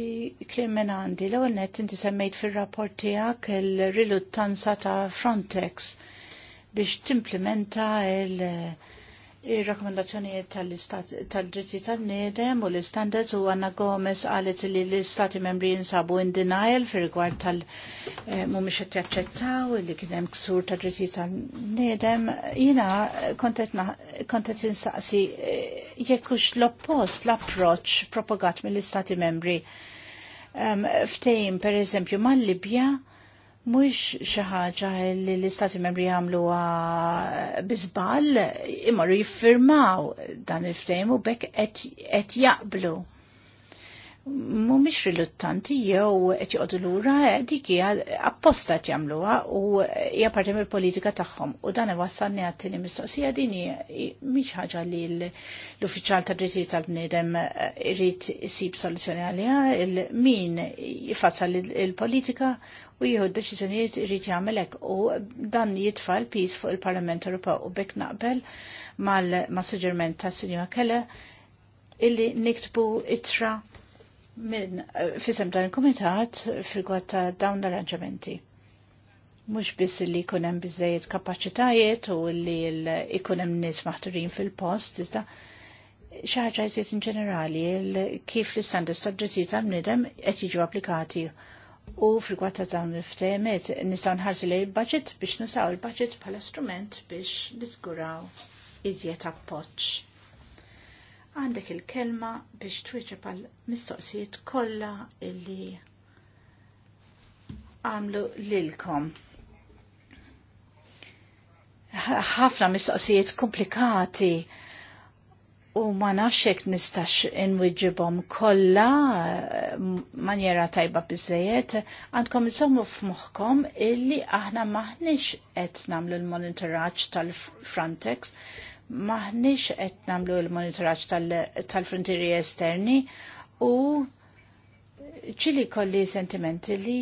kliem minn għandi l-ewwel nett inti semmejt fir-rapport tiegħek il-riluttanza ta' Frontex biex timplementa il- Ir-rakkomandazzjonijiet tal drizzi tal-dritti nedem u l-istandards u Anna Gomez għalet li l-istati membri jinsabu in denial fi rigward tal- eh, mumiex qed jaċċettaw li kien hemm ksur tal dritti tal-nedem. Jiena kontet jinsaqsi eh, jekk hux l-oppost l-approċċ propagat mill-istati membri. Ftejn, per eżempju, mal-Libja, mux xaħġa li l-istati membri għamlu bizbal imorru jiffirmaw dan il ftejmu bekk et jaqblu mumiex riluttanti jew qed joqogħdu lura dik hija apposta qed jagħmluha u hija parti mill-politika tagħhom. U dan iwassalni għat-tieni mistoqsija din mhix ħaġa li l-uffiċjal tad-drittijiet tal-bniedem irid isib soluzzjoni għaliha, min jifassal il-politika u jieħu d-deċiżjonijiet irid jagħmel hekk u dan jitfa' l fuq il-Parlament Ewropew u bekk naqbel mal-suġġerment tas-Sinjora Kelle illi niktbu ittra minn eh, fisem dan il-komitat fil-gwad ta' dawn l-arranġamenti. Mux biss li kunem bizzejiet kapacitajiet u li ikunem nis maħturin fil-post, iżda xaħġa jisiet in ġenerali kif l-istandards s drittijiet ta' mnidem qed jiġu applikati u fil-gwad ta' dawn il-ftemet nistaw nħarsi li l-budget biex nisaw il-budget bħala strument biex niżguraw iżjed appoċ għandek il-kelma biex twieġeb għal mistoqsijiet kollha illi għamlu lilkom. Ħafna mistoqsijiet komplikati u ma nafxek nistax inwiġibom kollha manjera tajba bizzejiet, għandkom insommu f'moħħkom illi aħna maħniex qed nagħmlu l monitoraċ tal-Frontex maħniex qed nagħmlu l-monitoraġġ tal-frontieri tal esterni u ċili kolli sentimenti li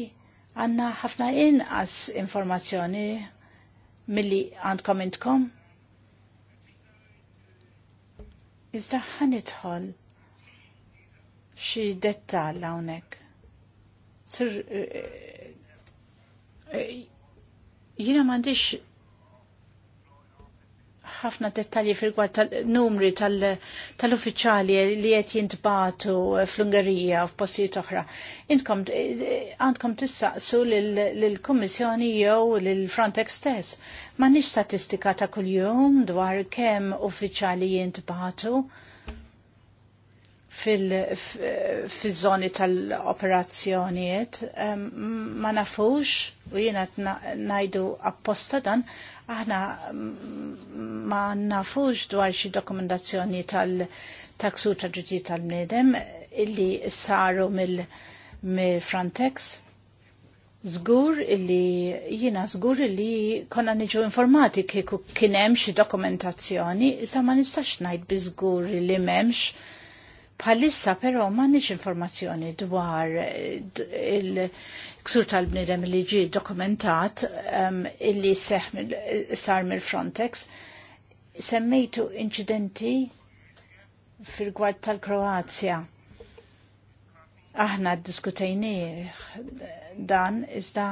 għanna ħafna inqas informazzjoni milli għandkom intkom. Iżda ħanitħol xi dettal hawnhekk. Eh, eh, eh, Jiena m'għandix ħafna dettalji fil-gwar tal-numri tal-uffiċali li qed jintbatu fl-Ungerija u f'postijiet oħra. uħra. għandkom tissaqsu lill-Kummissjoni jew lill-Frontex stess. M'għandniex statistika ta' kuljum dwar kemm uffiċali jintbatu fil-żoni tal-operazzjonijiet ma nafux u jina najdu apposta dan Aħna ma nafux dwar xi dokumentazzjoni tal-taksu ta' ġuġi tal-bnedem illi saru mill-Frontex. Zgur illi jina zgur illi konna niġu informati kieku kienem xi dokumentazzjoni, issa ma nistax ngħid bi żgur li m'hemmx. Bħalissa però ma nix informazzjoni dwar ksur tal-bnidem li ġi dokumentat um, illi seħ sar mill-Frontex. Semmejtu incidenti fil-gwad tal-Kroazja. Aħna diskutejni dan iżda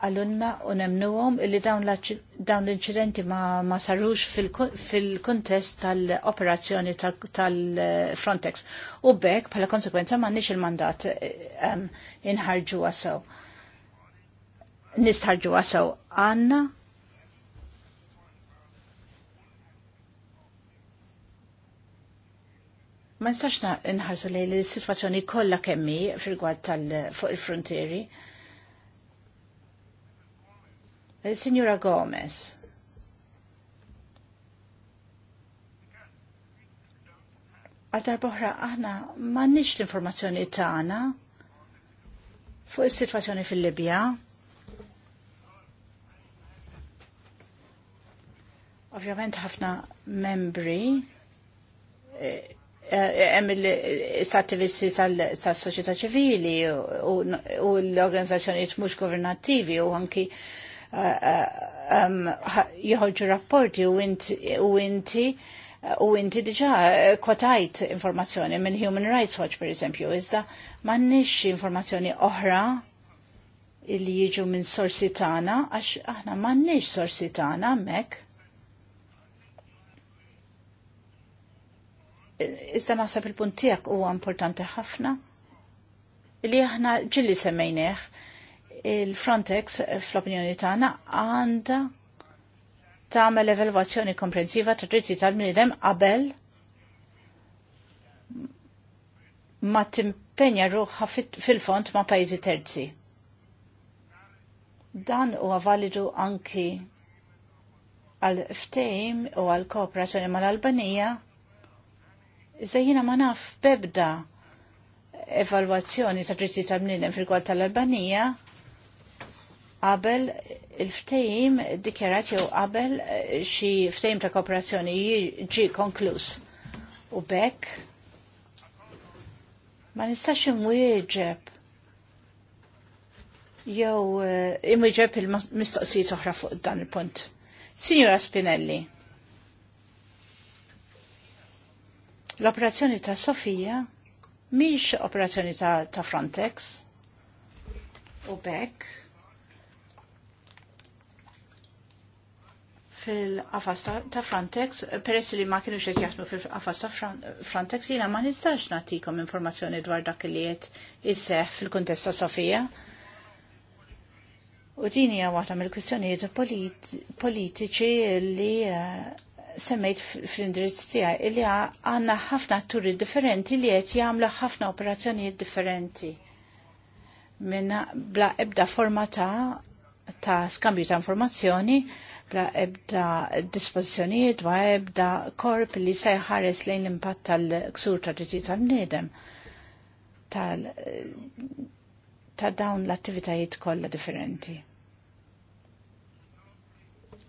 għallunna unemnuwom illi dawn l dawn l-inċidenti ma, ma sarux fil-kontest fil tal-operazzjoni tal-Frontex. Tal u bekk, pala konsekwenza, ma nix il-mandat um, inħarġu għasaw. Nistħarġu għasaw għanna. Ma nistax nħarsu li l-situazzjoni kollha kemmi fil-gwad tal-fuq il-frontieri. il frontieri Eh, signora Gomez. Għadar boħra, aħna ma nix l-informazzjoni tagħna fuq is-sitwazzjoni fil-Libja. Ovvjament ħafna membri hemm eh, eh, il attivisti tas-soċjetà ċivili u l-organizzazzjonijiet mhux governattivi u anki Uh, uh, um, joħorġu rapporti u inti u inti uh, diġa kwotajt informazzjoni minn Human Rights Watch per eżempju, iżda m'għandniex informazzjoni oħra illi jiġu minn sorsi tagħna għax aħna m'għandniex sorsi tagħna hemmhekk. iżda naħseb il-punt tiegħek huwa importanti ħafna li aħna ġilli semmejnieh il-Frontex fl-opinjoni tagħna għandha tagħmel evalwazzjoni komprensiva ta' dritti tal-bniedem qabel ma timpenja ruħha fil-font ma' pajjiżi terzi. Dan huwa validu anki għal ftejm u għal kooperazzjoni mal-Albanija Iżda ma naf bebda evalwazzjoni ta' dritti tal-bniedem fil-gwad tal-Albanija qabel il-ftejim dikjarat jew qabel eh, xi ftejim ta' kooperazzjoni ġi konkluż. U bekk ma nistax imwieġeb jew eh, imwieġeb il-mistoqsijiet oħra fuq dan il-punt. Signora Spinelli, l-operazzjoni ta' Sofija miex operazzjoni ta', ta Frontex u bekk fil-qafas ta' Frontex, peress li ma kienu xed jaħdmu fil-qafas ta' Frontex, jina ma nistax natikom informazzjoni dwar dak li jiet isseħ fil-kontest ta' Sofija. U din hija waħda mill-kwistjonijiet politiċi li eh, semmejt fl-indirizz tiegħi li għandna ħafna atturi differenti li qed jagħmlu ħafna operazzjonijiet differenti. Minna bla ebda forma ta' ta' skambju ta' informazzjoni bla ebda dispożizzjonijiet wa ebda korp li se jħares lejn impatt tal-ksur ta' tal-bniedem tal ta' dawn l-attivitajiet kollha differenti.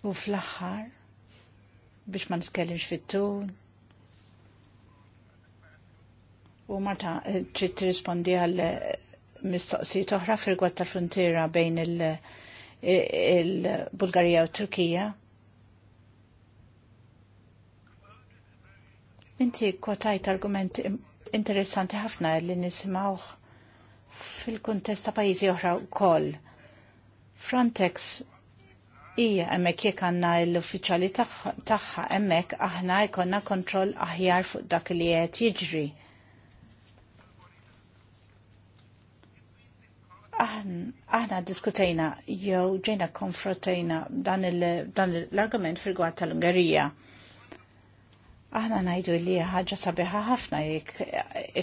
U fl-aħħar biex ma nitkellimx fit-tul. U Marta trid tirrispondi għal mistoqsijiet oħra fir tal-frontiera bejn il- il-Bulgarija u Turkija. Inti kwotajt argument interessanti ħafna li nisimawħ fil-kontest ta' pajizi oħra wkoll. Frontex hija hemmhekk jekk għandna l-uffiċjali tagħha hemmhekk aħna jkollna kontroll aħjar fuq dak li qed jiġri aħna diskutejna jew ġejna konfrontejna dan l-argument fil-gwad tal-Ungerija. Aħna najdu li ħaġa sabiħa ħafna jekk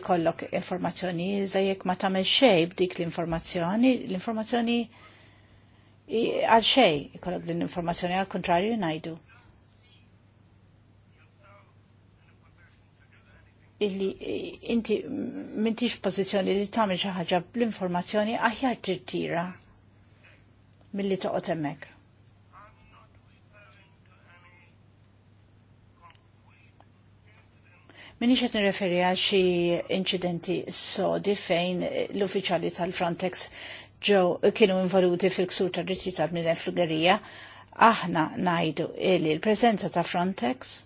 ikollok informazzjoni iżda jekk ma tagħmel xej b'dik l-informazzjoni, l-informazzjoni għal xej ikollok din l-informazzjoni għal kontrarju najdu illi eh, inti mintix pozizjoni li tagħmel xi ħaġa informazzjoni aħjar tirtira milli toqgħod hemmhekk. Minix qed nirreferi għal xi inċidenti sodi fejn eh, l-uffiċjali tal-Frontex ġew eh, kienu involuti fil-ksur ta' dritti tal-bniedem fl-Ugerija, aħna ngħidu li l prezenza ta' Frontex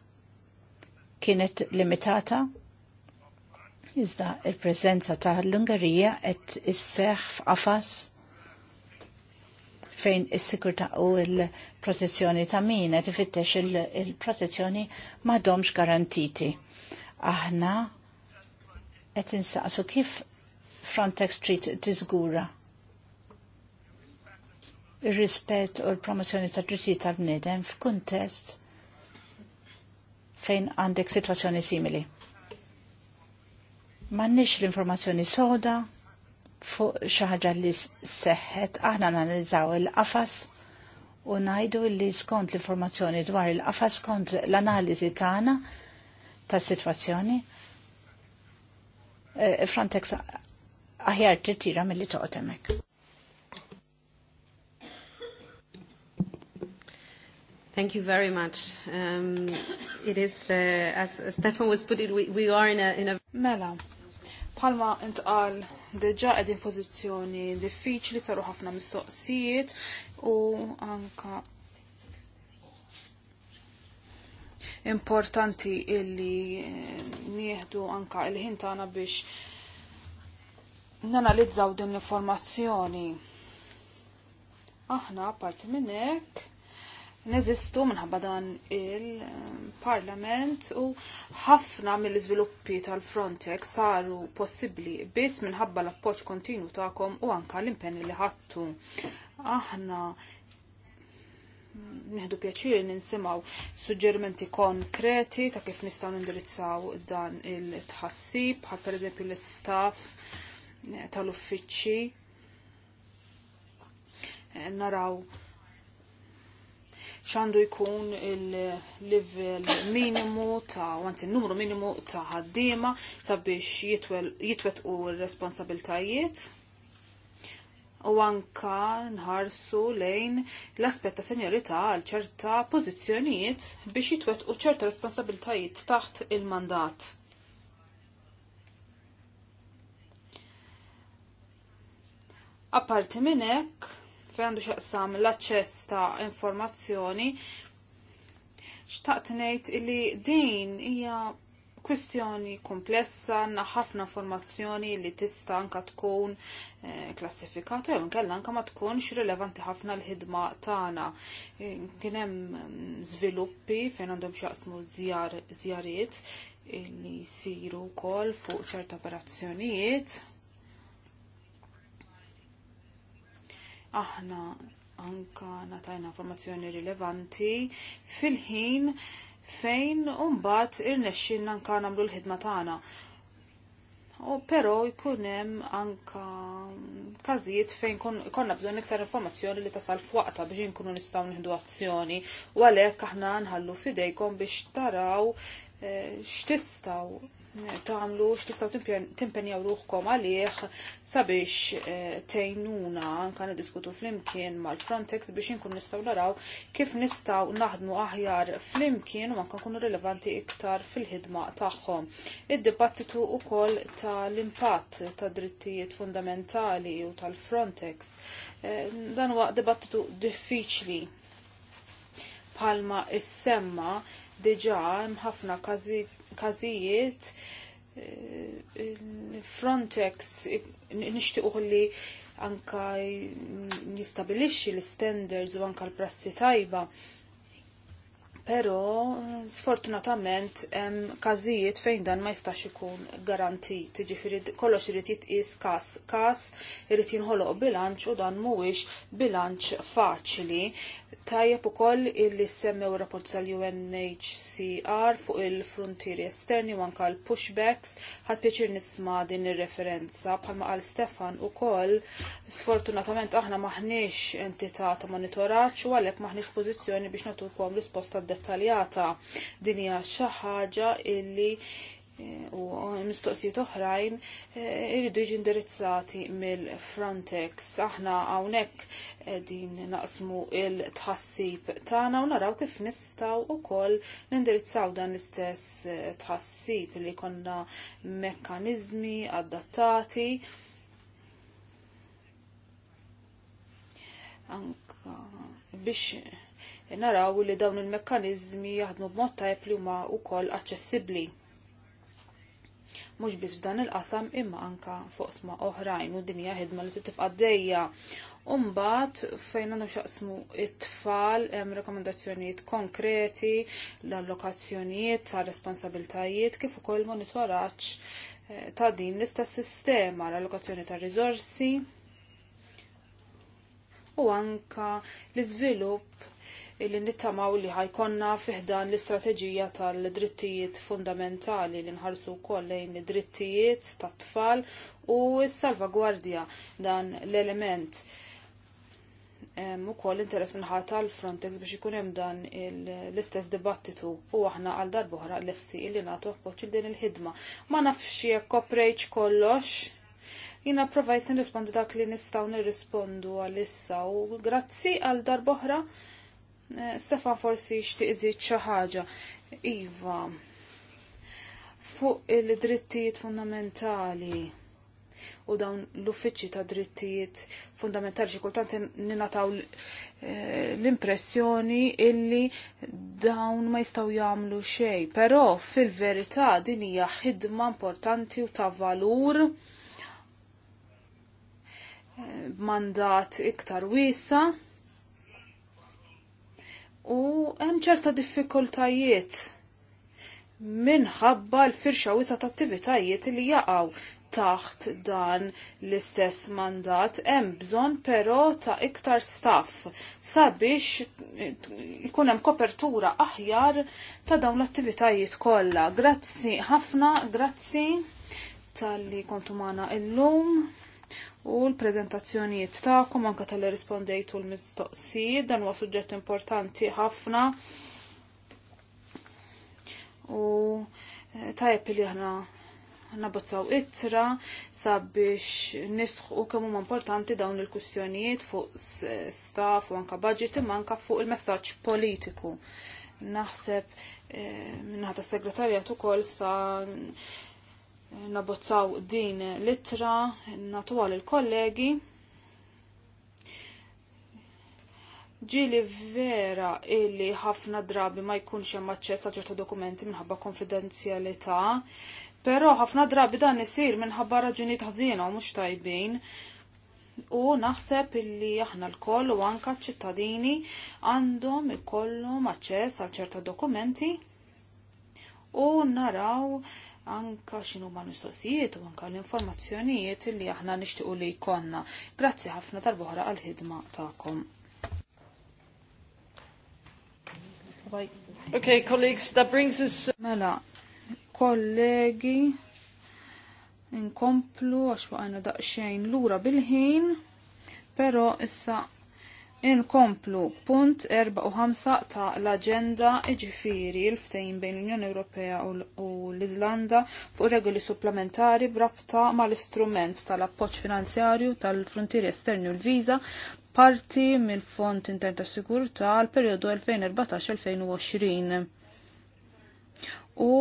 kienet limitata Iżda il prezenza ta' l-Ungarija qed isseħ f'qafas fejn is-sikurtà u l-protezzjoni ta' min qed ifittex il-protezzjoni m'għadhomx garantiti. Aħna qed insaqsu kif Frontex Street tiżgura ir-rispett u l-promozzjoni ta' drittijiet tal-bniedem f'kuntest fejn għandek sitwazzjoni simili. Mannix l-informazzjoni soda fuq xaħġa li seħħet, aħna analizzaw il-qafas u najdu li skont l-informazzjoni dwar il-qafas skont l-analizi tagħna tas situazzjoni eh, Frontex aħjar tira mill-li toqtemek. Thank you very much. Um, it is, uh, as Stefan was put it, we, we are in a... In a... Mela, Palma intqal deġa qegħdin pożizzjoni diffiċli saru ħafna mistoqsijiet u anka importanti illi eh, nieħdu anka il-ħin tagħna biex nanalizzaw din l-informazzjoni. Aħna parti minn hekk neżistu minħabba dan il-parlament u ħafna mill-iżviluppi tal-Frontex saru possibbli biss minħabba l-appoġġ kontinu tagħkom u anka l-impenni li ħattu. Aħna nieħdu pjaċir ninsimgħu suġġerimenti konkreti ta' kif nistgħu nindirizzaw dan il-tħassib, bħal pereżempju l-istaff eh, tal uffiċċi eh, naraw xandu jkun il-level minimu ta' għanti il-numru minimu ta' ħaddima sabiex jitwet u responsabiltajiet u anka nħarsu lejn l-aspett ta' senjorità għal ċerta pożizzjonijiet biex jitwettqu ċerta responsabiltajiet taħt il-mandat. Apparti minn hekk, fejn għandu xaqsam l-aċċess ta' informazzjoni, xtaqt ngħid li din hija kwistjoni komplessa, għandna ħafna informazzjoni li tista' anka tkun eh, klassifikata jew inkella anka ma tkunx rilevanti ħafna l-ħidma tagħna. Eh, kien hemm mm, żviluppi fejn għandhom xaqsmu żjarijiet li jsiru wkoll fuq ċerta operazzjonijiet aħna anka natajna informazzjoni rilevanti fil-ħin fejn umbat irnexxin anka nagħmlu l-ħidma tagħna. U però jkun hemm anka każijiet fejn konna bżonn iktar informazzjoni li tasal f'waqta biex inkunu nistgħu nieħdu azzjoni u għalhekk aħna nħallu fidejkom biex taraw eh, x'tistgħu tagħmlu x'tistgħu timpenjaw ruħkom għalih sabiex eh, tejnuna anke niddiskutu flimkien mal-Frontex biex inkun nistgħu naraw kif nistgħu naħdmu aħjar flimkien u anke nkunu rilevanti iktar fil-ħidma tagħhom. Id-dibattitu wkoll tal-impatt ta' drittijiet fundamentali u tal-Frontex eh, dan huwa dibattitu diffiċli palma is-semma diġa hemm ħafna każijiet każijiet eh, Frontex nixtiequ li anka jistabilixxi l-standards u anka l-prassi tajba. Pero, sfortunatament, kazijiet każijiet fejn dan ma jistax ikun garantit. firid, kollox irid jitqis każ każ irid jinħoloq bilanċ u dan mhuwiex bilanċ faċli tajjeb ukoll illi semmew rapport tal-UNHCR fuq il-frontieri esterni u anka l-pushbacks ħad pjaċir nisma' din ir-referenza bħalma qal Stefan ukoll sfortunatament aħna maħniex entità ta' monitoraġġ u għalhekk maħniex pożizzjoni biex nagħtukom risposta dettaljata. Din hija xi ħaġa illi u mistoqsijiet oħrajn eh, irridu jiġi indirizzati mill-Frontex. Aħna hawnhekk din naqsmu il-tħassib tagħna u naraw kif nistgħu wkoll nindirizzaw dan l-istess eh, tħassib li konna mekkaniżmi adattati. Anka biex naraw li dawn il-mekkaniżmi jaħdmu b'mod tajb li huma wkoll aċċessibbli mhux biss f'dan il-qasam imma anka fuq sma oħrajn u din hija ħidma li titibqa' dejja. Umbat, fejn għandhom xaqsmu it-tfal, hemm rekomendazzjonijiet konkreti, l-allokazzjonijiet ta' responsabiltajiet, kif ukoll monitoraġġ eh, ta' din l-istess sistema l-allokazzjoni ta' riżorsi u anka l-iżvilupp illi nittamaw li ħajkonna fiħdan l-istrateġija tal-drittijiet fundamentali li nħarsu wkoll lejn id-drittijiet tat-tfal u s-salvagwardja dan l-element. Ukoll interess minħat tal-Frontex biex ikun hemm dan l-istess dibattitu u aħna għal darbohra l-esti illi nagħtu appoġġ il din il-ħidma. Ma nafx jekk koprejċ kollox. Jina provajt nirrispondu dak li nistgħu nirrispondu għal issa u grazzi għal darbohra. Stefan forsi xtieq iżid xi ħaġa. Iva, fuq il-drittijiet fundamentali u dawn l-uffiċċji ta' drittijiet fundamentali xi kultant ninataw eh, l-impressjoni illi dawn ma jistgħu jagħmlu xejn, però fil-verità din hija ħidma importanti u ta' valur eh, mandat iktar wiesa' u hemm ċerta diffikultajiet minħabba l-firxa wisa ta' attivitajiet li jaqaw taħt dan l-istess mandat hemm bżonn però ta' iktar staff sabiex ikun hemm kopertura aħjar ta' dawn l-attivitajiet kollha. Grazzi ħafna, grazzi tal-li kontu il illum u l-prezentazzjonijiet ta'kom anka tal u l-mistoqsijiet dan huwa suġġett importanti ħafna u eh, tajb li aħna nabozzaw ittra sabiex nisħu kemm huma importanti dawn il-kustjonijiet fuq staff u anka budget imma anka fuq il-messaġġ politiku. Naħseb eh, minnaħta segretarjat ukoll sa' nabozzaw din l-ittra għal l-kollegi. Ġili vera illi ħafna drabi ma jkunx hemm aċċess għal ċertu dokumenti minħabba konfidenzjalità, però ħafna drabi dan isir minħabba raġuni taħżiena u mhux tajbin. U naħseb illi aħna l-koll u anka ċittadini għandhom ikollhom aċċess għal ċerta dokumenti u naraw anka xinu ma nistoqsijiet u anka l-informazzjonijiet li aħna nishtiqu li jkonna. Grazzi ħafna tal-boħra għal-ħidma ta'kom. Okay, colleagues, that brings us... Mela, kollegi, inkomplu għax waqna daqxejn lura bil-ħin, pero issa Inkomplu punt 4 5 ta' l-agenda iġifiri l-ftejn bejn l-Unjoni Ewropea u l-Izlanda fuq regoli supplementari brabta ma' l-istrument tal-appoċ finanzjarju tal-frontieri esterni u l-viza parti mill-Fond Intern ta' Sigurta għal periodu 2014-2020. U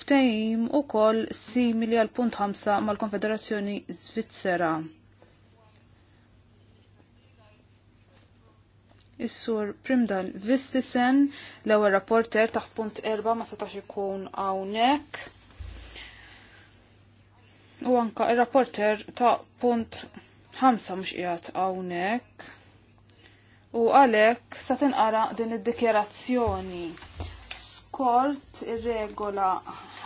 ftejm u koll simili għal punt 5 mal-Konfederazzjoni Svizzera Is-sur Primdan Vistisen, l-ewwel rapporter taħt punt erba' ma setax ikun hawnhekk. U anka ir-rapporter ta' punt ħamsa mhux qiegħed hawnhekk. U għalhekk sa tinqara din id-dikjerazzjoni. Skort ir-regola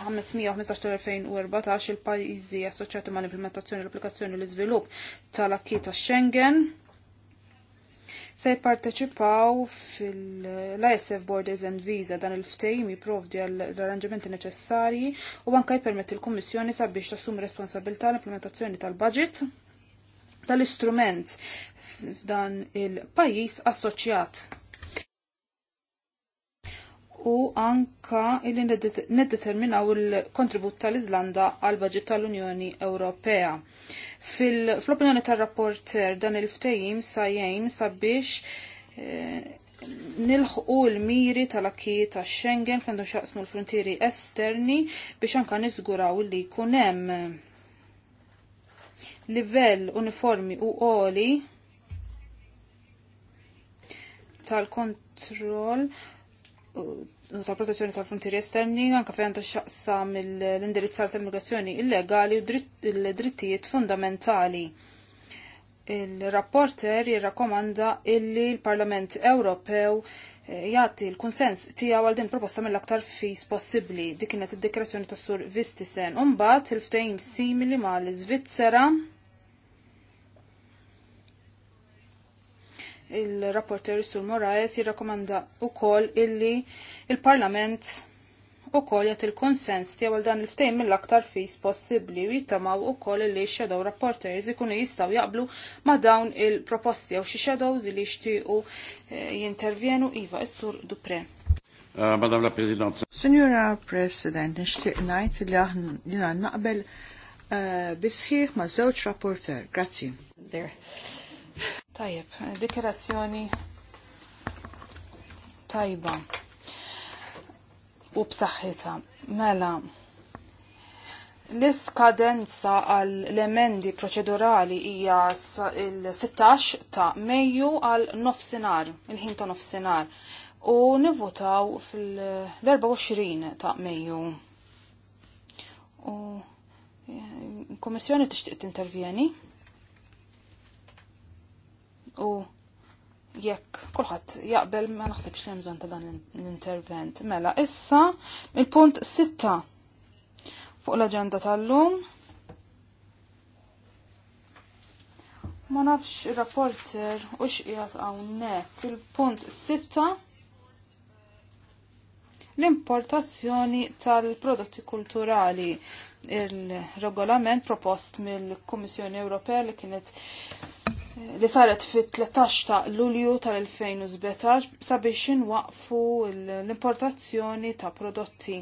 515-2014 il-pajjiżi assoċjati mal-implementazzjoni l-applikazzjoni l-iżvilupp tal-akki ta' Schengen se jipparteċipaw fil-ISF Borders and Visa dan il ftejmi provdi l-arranġamenti neċessarji u anka jpermetti l-Kummissjoni sabiex tassum responsabilità l-implementazzjoni tal-budget tal-istrument f'dan il-pajis assoċjat. U anka il neddeterminaw il-kontribut tal-Izlanda għal budget tal-Unjoni Ewropea. Fil-opinjoni tar-rapporter dan il-ftejim sa jgħin sabiex eh, nilħqu l-miri tal-akki ta' Schengen fendu xaqsmu l-frontieri esterni biex anka niżguraw li kunem livell uniformi u qoli tal-kontroll ta' protezzjoni tal-frontieri esterni anka fejn ta' xaqsa mill-indirizzar ta' immigrazzjoni illegali u l-drittijiet fundamentali. Il-rapporter jirrakkomanda illi l-Parlament Ewropew eh, jagħti l-kunsens tiegħu għal din proposta mill-aktar fis possibbli. Dik kienet id-dikrazzjoni tas Sur Vistisen. Umbagħad il-ftehim simili mal-Iżvizzera il-rapporter Sur Moraes jirrakomanda u kol illi il-Parlament u kol jat il-konsens tiegħu dan il-ftejn mill-aktar fis possibbli u jittamaw u kol illi shadow rapporters ikunu jistaw jaqblu ma dawn il-proposti għaw xi shadows li jixtiequ eh, jintervjenu Iva is-Sur Dupre. Eh, Madam la President. Signora President, nixtieq ngħid li aħna naqbel eh, bisħiħ ma' żewġ rapporter. Grazzi. Tajjeb, dikerazzjoni tajba u b'saħħitha. Mela, l-iskadenza għal l-emendi proċedurali hija il-16 ta' Mejju għal nofsinhar, il-ħin ta' nofsinhar, u nivvotaw fil-24 ta' Mejju. U eh, Kommissjoni tixtieq tintervjeni? U jekk kulħadd jaqbel ma naħsibx li hemm ta' dan l-intervent. Mela, issa il-punt sitta fuq l-aġenda tal-lum. Ma nafx rapporter u x'qiegħed hawnhekk. Il-punt sitta l-importazzjoni tal-prodotti kulturali il-regolament propost mill-Kummissjoni Ewropea li kienet li saret fit-13 ta' Lulju tal-2017 sabiex inwaqfu l-importazzjoni ta' prodotti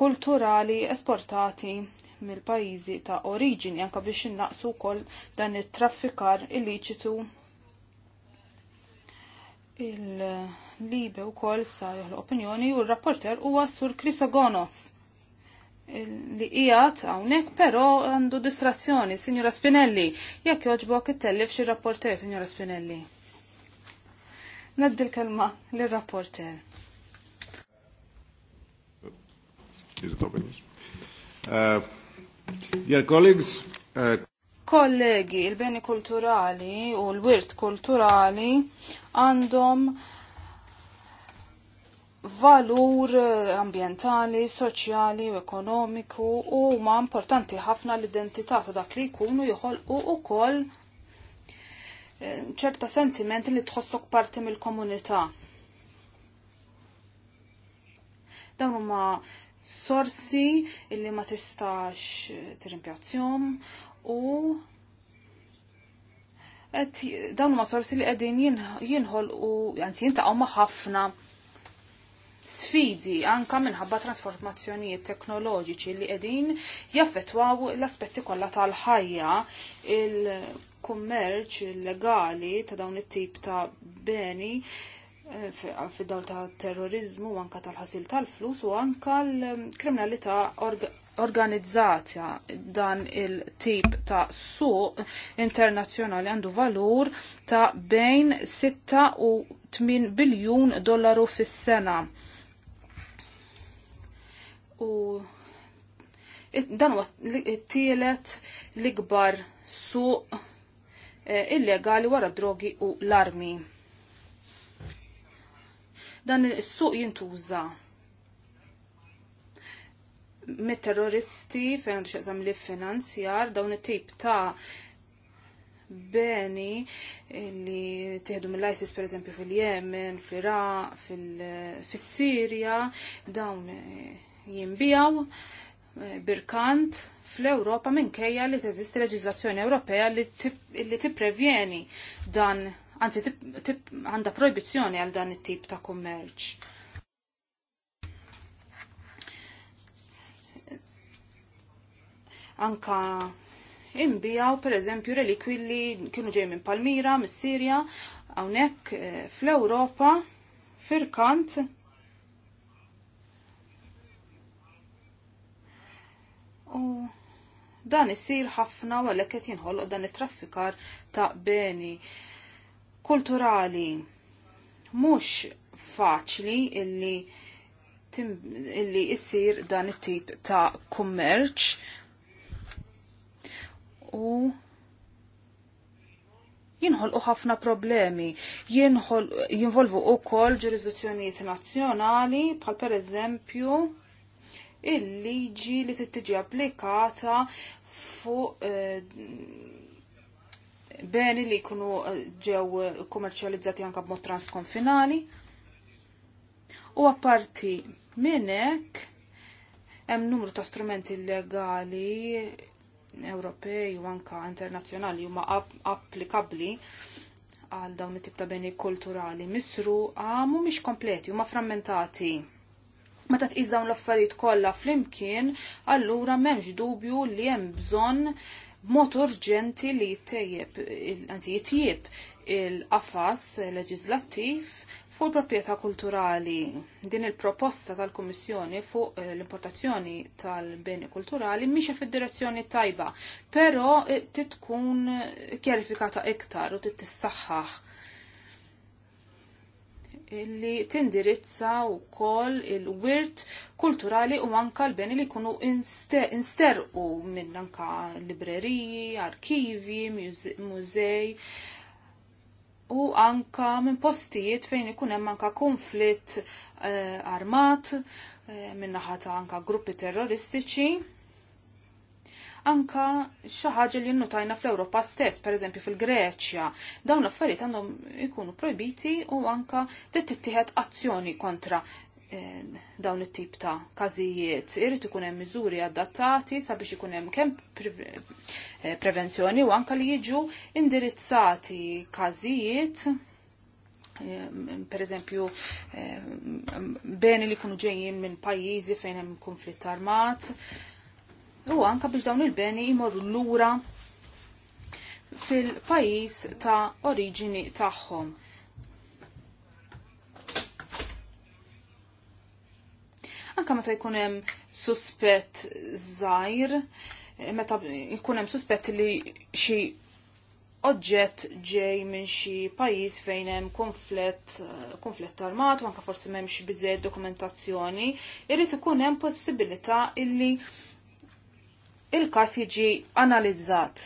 kulturali esportati mill-pajjiżi ta' oriġini anka biex innaqsu wkoll dan it-traffikar illiċitu il-libe wkoll sa l opinjoni u r-rapporter huwa Sur Ogonos li ijat għawnek, pero għandu distrazzjoni, Signora Spinelli. Jekk joġbok it-tellif xi rapporter, Signora Spinelli. Naddil kalma li rapporter uh, dear colleagues, uh, kollegi, il-beni kulturali u l-wirt kulturali għandhom valur eh, ambientali, soċjali u ekonomiku u ma importanti ħafna l-identità ta' dak li jkunu joħolqu ukoll eh, ċerta sentimenti li tħossok parti mill-komunità. Dawn huma sorsi illi ma tistax eh, tirimpjazzjom u dawn huma sorsi li qegħdin jinħolqu anzi jintaqgħu ma' ħafna sfidi anka minħabba trasformazzjonijiet teknoloġiċi li qegħdin jaffettwaw l-aspetti kollha tal-ħajja il-kummerċ legali ta' dawn it-tip ta' beni eh, fid-dawl ta' terrorizmu u anka tal-ħasil tal-flus u anka l-kriminalità organizzata dan il-tip ta' suq internazzjonali għandu valur ta' bejn 6 u 8 biljun dollaru fis-sena u dan huwa tielet l-ikbar suq eh, illegali wara drogi u l-armi. Dan is-suq jintuża mit-terroristi fejn għandu xaqsam li finanzjar dawn it-tip ta' beni li tieħdu mill-ISIS pereżempju fil-Yemen, fil-Iraq, fil-Sirja, dawn eh, jimbijaw eh, birkant fl-Europa minkejja li teżisti leġiżlazzjoni Ewropea li tipprevjeni dan, anzi għandha proibizzjoni għal dan it-tip ta' kummerċ. Anka imbijaw per eżempju relikwi li kienu ġej minn Palmira, mis-Sirja, hawnhekk eh, fl-Ewropa firkant U dan isir ħafna u għalhekk qed jinħolq dan it-traffikar ta' beni kulturali. Mhux faċli illi illi issir dan it-tip ta' kummerċ u jinħolqu ħafna problemi, jinvolvu u kol ġurisdizzjonijiet nazzjonali, bħal per eżempju il-liġi li tittiġi applikata fuq eh, beni li jkunu eh, ġew kommerċjalizzati anka b'mod transkonfinali. U apparti minnek hemm numru ta' strumenti legali Ewropej u anka internazzjonali huma applikabbli għal dawn it-tip ta' beni kulturali misru għamu mhumiex kompleti, huma frammentati. Meta tqis dawn l-affarijiet kollha flimkien, allura m'hemmx dubju li hemm bżonn mod urġenti li jittejjeb, anzi jitjieb il-qafas leġislattiv fuq il-proprjetà kulturali. Din il-proposta tal-Kummissjoni fuq eh, l-importazzjoni tal-beni kulturali mhixha fid-direzzjoni tajba, però eh, titkun eh, kjarifikata iktar u titissaħħaħ li tindirizza u kol il-wirt kulturali u anka l-beni li kunu insterqu minn anka libreriji, arkivi, mużej u anka minn postijiet fejn ikun hemm anka konflitt eh, armat eh, minn naħata anka gruppi terroristiċi anka xi ħaġa li nnotajna fl-Ewropa stess, pereżempju fil-Greċja. Dawn l-affarijiet għandhom ikunu projbiti u anka tittieħed azzjoni kontra eh, dawn it-tip ta' każijiet. Irrit ikun hemm miżuri adattati sabiex ikun hemm kemm eh, prevenzjoni u anka li jiġu indirizzati każijiet eh, per eżempju beni li kunu ġejjin minn pajjiżi fejn hemm konflitt armat u anka biex dawn il-beni l lura fil-pajis ta' oriġini tagħhom. Anka meta jkun hemm suspett żgħir, meta jkun hemm suspett li xi oġġett ġej minn xi pajjiż fejn hemm konflett eh, konflett armat u anke forsi m'hemmx biżejjed dokumentazzjoni, irid ikun hemm possibilità illi il-kas jiġi analizzat.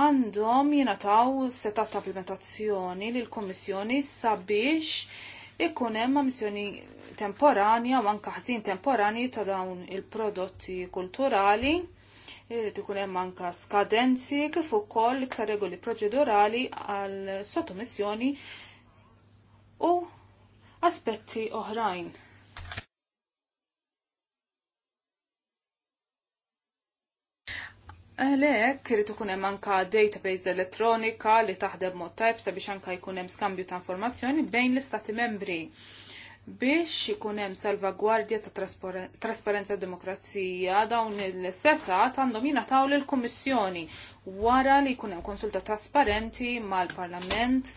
Għandhom jenataw seta ta' implementazzjoni li l-Komissjoni sabiex ikun hemm missjoni temporanja u anke ħażin temporani ta' dawn il-prodotti kulturali irid ikun hemm anke skadenzi kif ukoll iktar regoli proċedurali għal sottomissjoni u aspetti oħrajn. Għalek, rritu kunem anka database elettronika li taħdem mod tajb sabiex anka jkunem skambju ta' informazzjoni bejn l-istati membri biex jkunem salvagwardja ta' trasparenza u demokrazija dawn il-seta għandhom jingħataw l kummissjoni wara li jkunem konsulta trasparenti mal-Parlament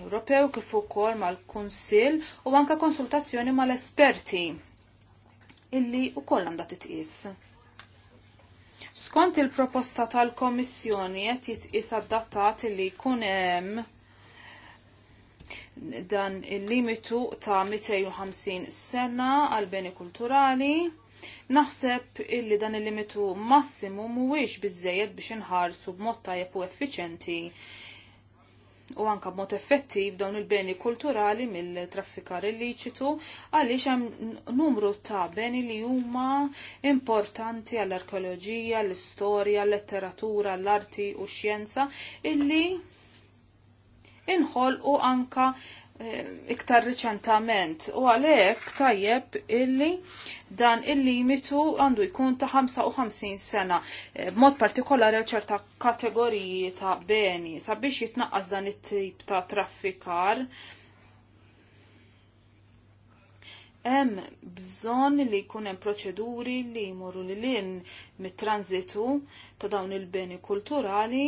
Ewropew kif ukoll mal-Kunsill u anka konsultazzjoni mal-esperti illi u għandha titqis skont il-proposta tal-Komissjoni qed jitqis adattat li jkun hemm dan il-limitu ta' 250 sena għal beni kulturali. Naħseb illi dan il-limitu massimu mhuwiex biżejjed biex inħarsu b'mod tajjeb u effiċenti u anka b'mod effettiv dawn il-beni kulturali mill-traffikar illiċitu għaliex hemm numru ta' beni li huma importanti għall-arkeoloġija, l-istorja, l-letteratura, l-arti u x-xjenza illi inħolqu anka Eh, iktar riċentament u għalek tajjeb illi dan il-limitu għandu jkun ta' 55 sena eh, b'mod partikolari għal ċerta kategoriji ta' beni sabiex jitnaqqas dan it-tip ta' traffikar hemm bżonn li jkun hemm proċeduri li jmorru lil in mit-tranzitu ta' dawn il-beni kulturali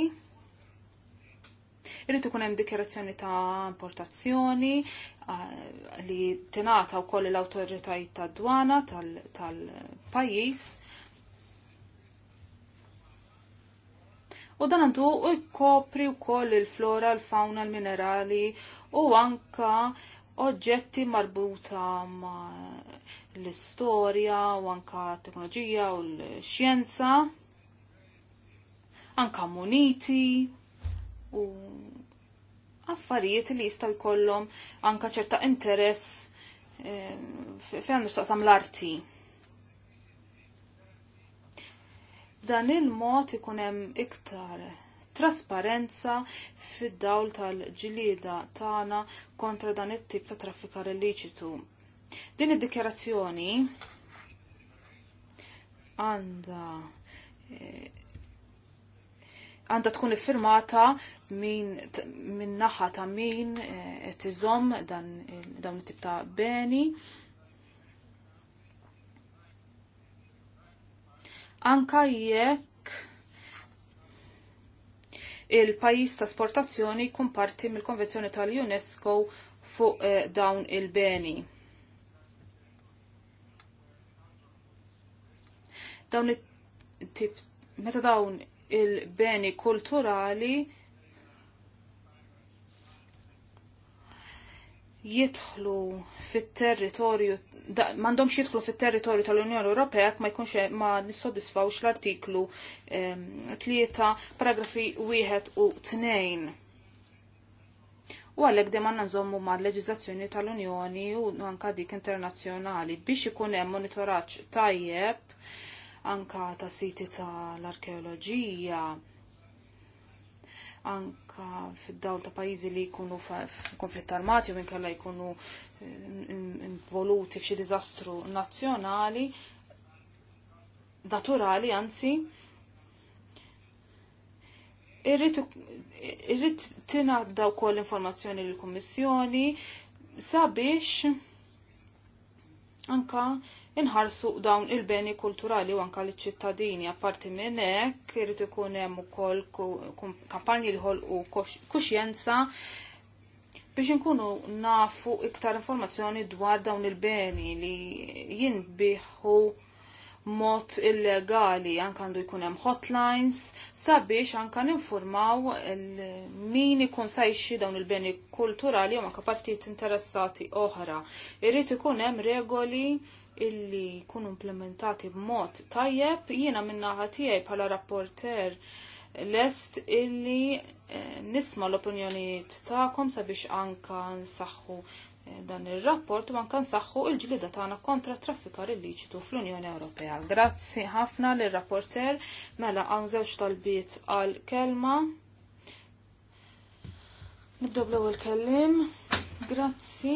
Irrid ikun hemm dikjarazzjoni ta' importazzjoni eh, li tingħata wkoll l-awtoritajiet tad dwana tal-pajjiż. U dan għandu u jkopri wkoll il-flora, l-fauna, l-minerali u anka oġġetti marbuta ma' l-istorja u anka t-teknoloġija u l-xjenza, anka muniti, u affarijiet li jistaw jkollhom anka ċerta interess eh, fejn nistaqsam l-arti. Dan il-mod ikun hemm iktar trasparenza fid-dawl tal-ġlieda tagħna kontra dan it-tip ta' traffikar illiċitu. Din id-dikjarazzjoni għandha eh, għandha tkun iffirmata min, min naħa ta' min eh, qed iżomm dan dawn it-tip ta' beni. Anka jekk il-pajis ta' sportazzjoni jkun parti mill-Konvenzjoni tal-UNESCO fuq eh, dawn il-beni. Dawn it-tip meta dawn il-beni kulturali jidħlu fit-territorju m'għandhomx jidħlu fit-territorju tal-Unjoni Ewropea jekk ma jkunx ma nissodisfawx l-artiklu 3 ehm, paragrafi 1 u 2. U għalhekk dejjem għandna nżommu mal leġiżlazzjoni tal-Unjoni u anke dik internazzjonali biex ikun hemm monitoraġġ tajjeb anka ta' siti tal-arkeoloġija, anka fid-dawl ta' pajizi li jkunu konflitt armati u minn kalla jkunu eh, involuti f'xi diżastru nazzjonali, naturali anzi, irrit tinabda kol l informazzjoni l-Kommissjoni sabiex anka inħarsu dawn il-beni kulturali u anka l-ċittadini. Apparti minn hekk irid ikun hemm ukoll kampanji li ħolqu kuxjenza biex inkunu nafu iktar informazzjoni dwar dawn il-beni li jinbiħu mod illegali, anka għandu jkun hemm hotlines sabiex anka ninformaw min ikun sajxi dawn il-beni kulturali u anka partijiet interessati oħra. Irrid ikun hemm regoli illi jkunu implementati b'mod tajjeb jiena min-naħa tiegħi bħala rapporter lest illi eh, nisma l-opinjonijiet tagħkom sabiex anka nsaħħu dan ir-rapport ma nkan saħħu il-ġlida tagħna kontra traffikar illiċitu fl-Unjoni Ewropea. Grazzi ħafna lir rapporter mela hawn żewġ talbiet għal kelma. Nibdew l-ewwel kellim. Grazzi.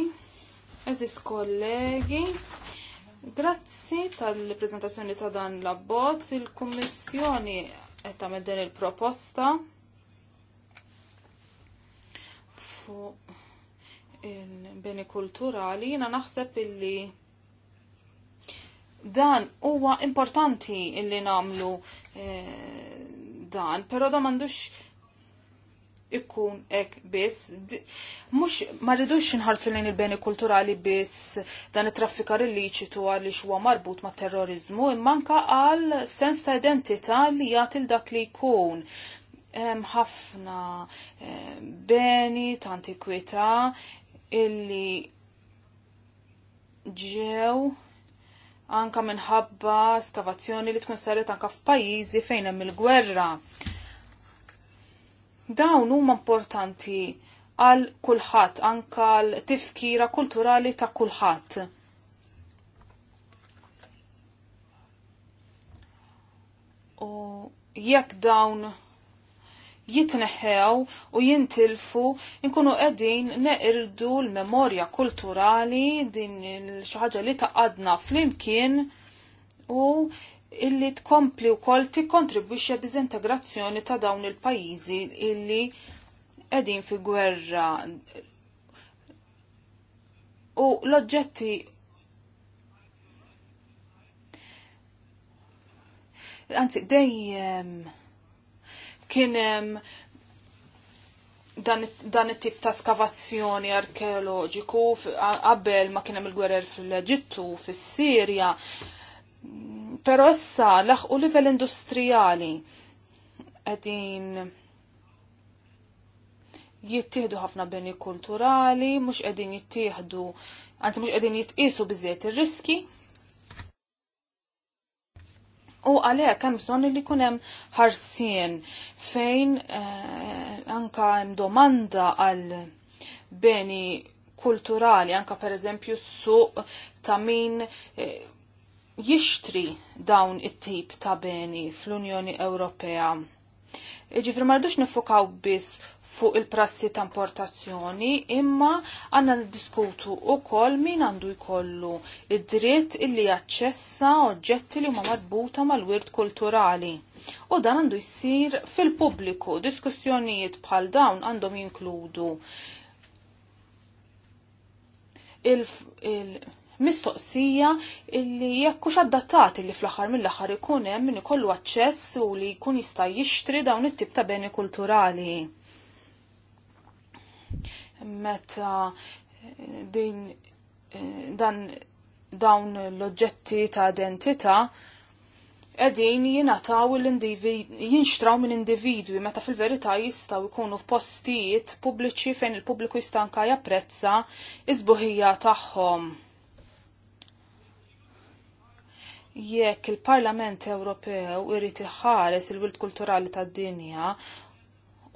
Eżis kollegi. Grazzi tal-prezentazzjoni ta' dan l-abbozz. Il-Kummissjoni qed tagħmel din il-proposta beni kulturali, jina naħseb illi dan huwa importanti illi namlu eh, dan, pero da mandux ikkun ek biss. Mux ma rridux nħarsu lejn il-beni kulturali biss dan it-traffikar illiċitu għal li huwa marbut ma' terrorizmu, immanka għal sens ta' identità li jagħtil dak li jkun hemm ħafna eh, beni ta' antikwità illi ġew anka minħabba skavazzjoni li tkun saret anka f'pajjiżi fejn hemm il-gwerra. Dawn huma importanti għal kulħadd, anka l-tifkira kulturali ta' kulħadd. U jekk dawn jitneħħew u jintilfu nkunu qegħdin neqirdu l-memorja kulturali din xi ħaġa li taqadna flimkien u illi tkompli wkoll tikkontribwixxi diżintegrazzjoni ta' dawn il-pajjiżi illi qegħdin fi gwerra u l-oġġetti anzi dejjem kienem dan it-tip ta' skavazzjoni arkeoloġiku qabel ma kienem il-gwerer fil-Eġittu, fis-Sirja. Però issa u livell industrijali qegħdin jittieħdu ħafna beni kulturali, mhux qegħdin jittieħdu, anzi mhux qegħdin jitqisu biżejjed ir-riski. U għalhekk hemm bżonn li jkun hemm ħarsien fejn eh, anka hemm domanda għal beni kulturali, anka per eżempju suq ta' min eh, jixtri dawn it-tip ta' beni fl-Unjoni Ewropea Ġifri marridux nifukaw biss fuq il-prassi ta' importazzjoni, imma għanna n-diskutu u kol min għandu jkollu id-dritt illi jaċċessa oġġetti li huma madbuta mal-wirt kulturali. U dan għandu jissir fil-pubbliku, diskussjonijiet bħal dawn għandhom jinkludu il, il mistoqsija illi jekk hux adattat illi fl-aħħar mill-aħħar ikun hemm min ikollu aċċess u li jkun jista' jixtri dawn it-tip ta' beni kulturali. Meta eh, din eh, dan dawn l-oġġetti ta' identità edin jinataw jinxtraw minn individwi meta fil-verità jistaw ikunu f'postijiet pubbliċi fejn il-pubbliku jistanka japprezza iż-buħija tagħhom. jekk il-Parlament Ewropew irid iħares il-wild kulturali tad-dinja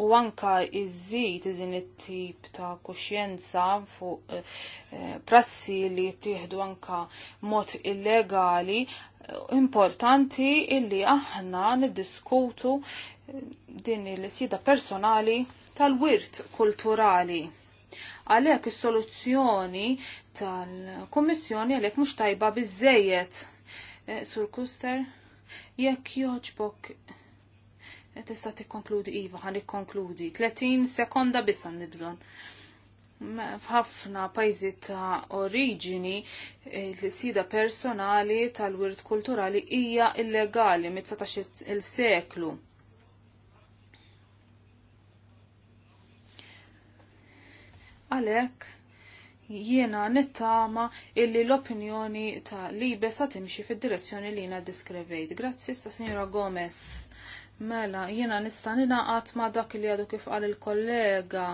u anka iżid iżin it-tip ta' kuxjenza fuq eh, eh, prassi li jittieħdu anka mod illegali eh, importanti illi aħna niddiskutu din il sida personali tal-wirt kulturali. Għalhekk is-soluzzjoni tal-Kummissjoni għalhekk mhux tajba biżejjed Eh, Sur Kuster, jekk joġbok eh, tista' tikkonkludi iva, ħan ikkonkludi. 30 sekonda biss nibżon. bżonn. F'ħafna pajjiżi ta' oriġini eh, l-sida personali tal-wirt kulturali hija illegali mit-19 il-seklu. Għalhekk jiena nittama illi l-opinjoni ta' libe sa' timxi fil-direzzjoni li jiena diskrivejt. Grazzi sta' signora Gomez. Mela, jiena nista' ninaqat ma' dak li għadu kif qal il-kollega.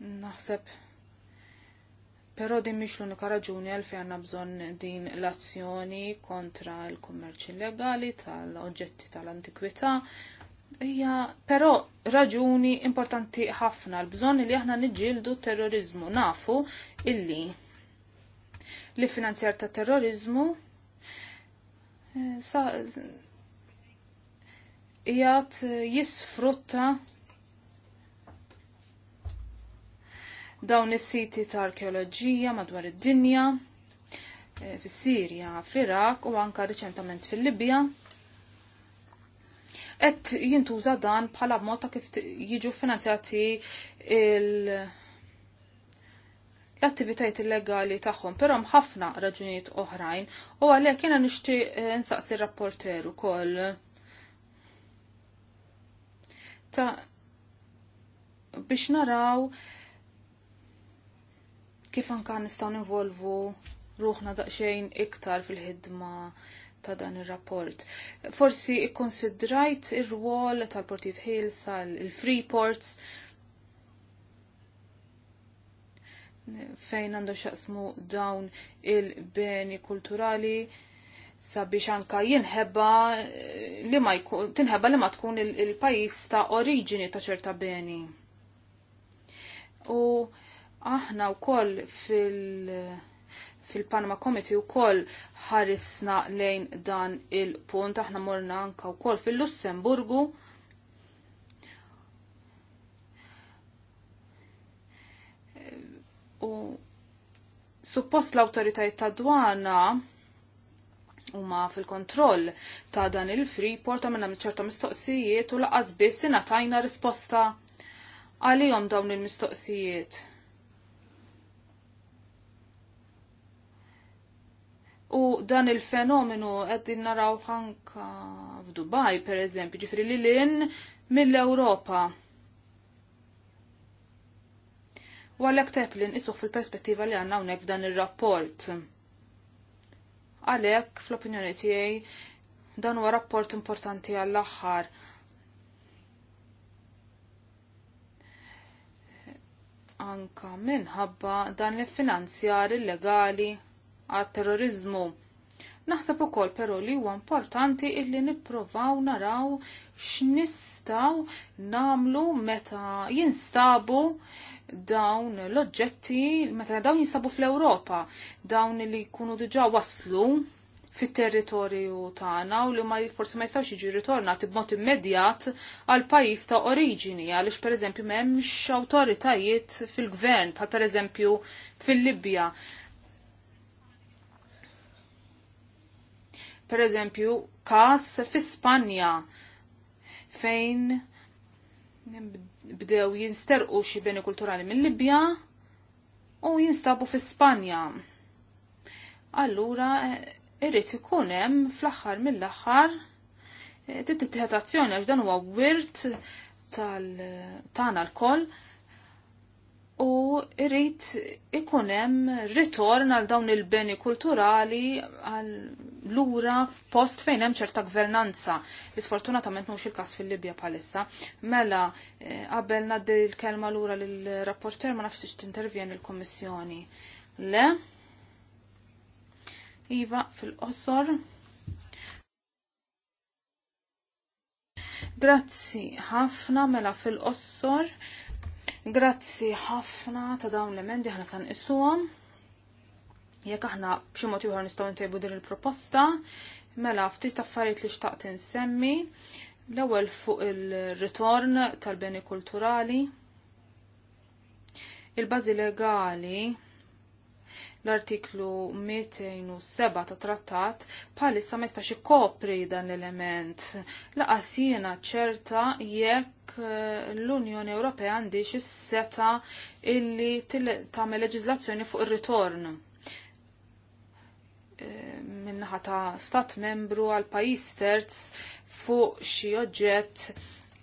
Naħseb Pero din mhix l-unika raġuni għal għandna bżonn din l-azzjoni kontra l-kummerċ illegali tal-oġġetti tal-antikwità Ija, pero raġuni importanti ħafna l-bżon li aħna niġġieldu terrorizmu. Nafu illi li finanzjar ta' terrorizmu eh, sa jgħat eh, jisfrutta dawn is-siti ta' arkeoloġija madwar id-dinja, eh, fis-Sirja, fl-Iraq u anka riċentament fil-Libja qed jintuża dan bħala mod ta' kif jiġu finanzjati il l-attivitajiet illegali tagħhom, però ħafna raġunijiet oħrajn u għalhekk jiena nixtieq eh, nsaqsi r-rapporter ukoll ta' biex naraw kif anka nistgħu nivolvu ruħna daqsxejn iktar fil-ħidma ta' dan ir-rapport. Forsi ikkonsidrajt ir-rwol tal-Portit Hills tal-Free Ports fejn għandu xaqsmu dawn il-beni kulturali sabiex anka jinħebba eh, li ma jkun, tinħebba li ma tkun il-pajis il ta' oriġini ta' ċerta beni. U aħna u koll fil- fil-Panama Committee u kol ħarisna lejn dan il-punt, aħna morna anka u kol fil-Lussemburgu. U suppost l-autoritajiet ta' dwana huma fil-kontroll ta' dan il-Freeport għamilna ċerta mistoqsijiet u laqas biss tajna risposta għalihom dawn il-mistoqsijiet. U dan il-fenomenu qed naraw ħanka f'Dubaj, per eżempju, ġifri li l-in mill-Ewropa. U għalhekk teplin isuħ fil-perspettiva li għandna hawnhekk f'dan ir-rapport. Għalhekk fl-opinjoni tiegħi dan huwa rapport importanti għall-aħħar. Anka minħabba dan il finanzjar illegali legali għal terrorizmu Naħseb ukoll però li huwa importanti illi nipprovaw naraw x'nistgħu namlu meta jinstabu dawn l-oġġetti meta dawn jinstabu fl-Ewropa, dawn li jkunu diġà waslu fit-territorju tagħna u li ma forsi ma jistgħux jiġu ritornati b'mod immedjat għal pajjiż ta' oriġini għaliex pereżempju m'hemmx awtoritajiet fil-gvern bħal pereżempju fil-Libja per eżempju kas fi Spanja fejn bdew jinsterqu xi beni kulturali mill-Libja u jinstabu fi Spanja. Allura eh, irrid ikun hemm fl-aħħar mill-aħħar eh, tittieħed azzjoni għax dan huwa wirt tal tagħna l-koll u rrit ikunem ritorn għal dawn il-beni kulturali għal lura f'post fejn hemm ċerta gvernanza li mhux il-każ fil-Libja palissa. Mela eh, qabel ngħaddi l-kelma lura lill-rapporter ma nafx tintervjen il-Kummissjoni. Le? Iva fil-qosor. Grazzi ħafna mela fil-qossor Grazzi ħafna ta' dawn l-emendi ħana san issuhom. Jekk aħna b'xi mod ieħor nistgħu ntejbu din il-proposta, mela ftit affarijiet li xtaqt insemmi. L-ewwel fuq il-ritorn tal-beni kulturali. Il-bażi legali L-artiklu 207 ta' trattat palissa ma jistax ikopri dan l-element. Laqas jiena ċerta jekk eh, l-Unjoni Ewropea għandix is-seta illi tagħmel leġiżlazzjoni fuq ir-ritorn eh, minnaħa ta' stat membru għal pajis terz fuq xi oġġett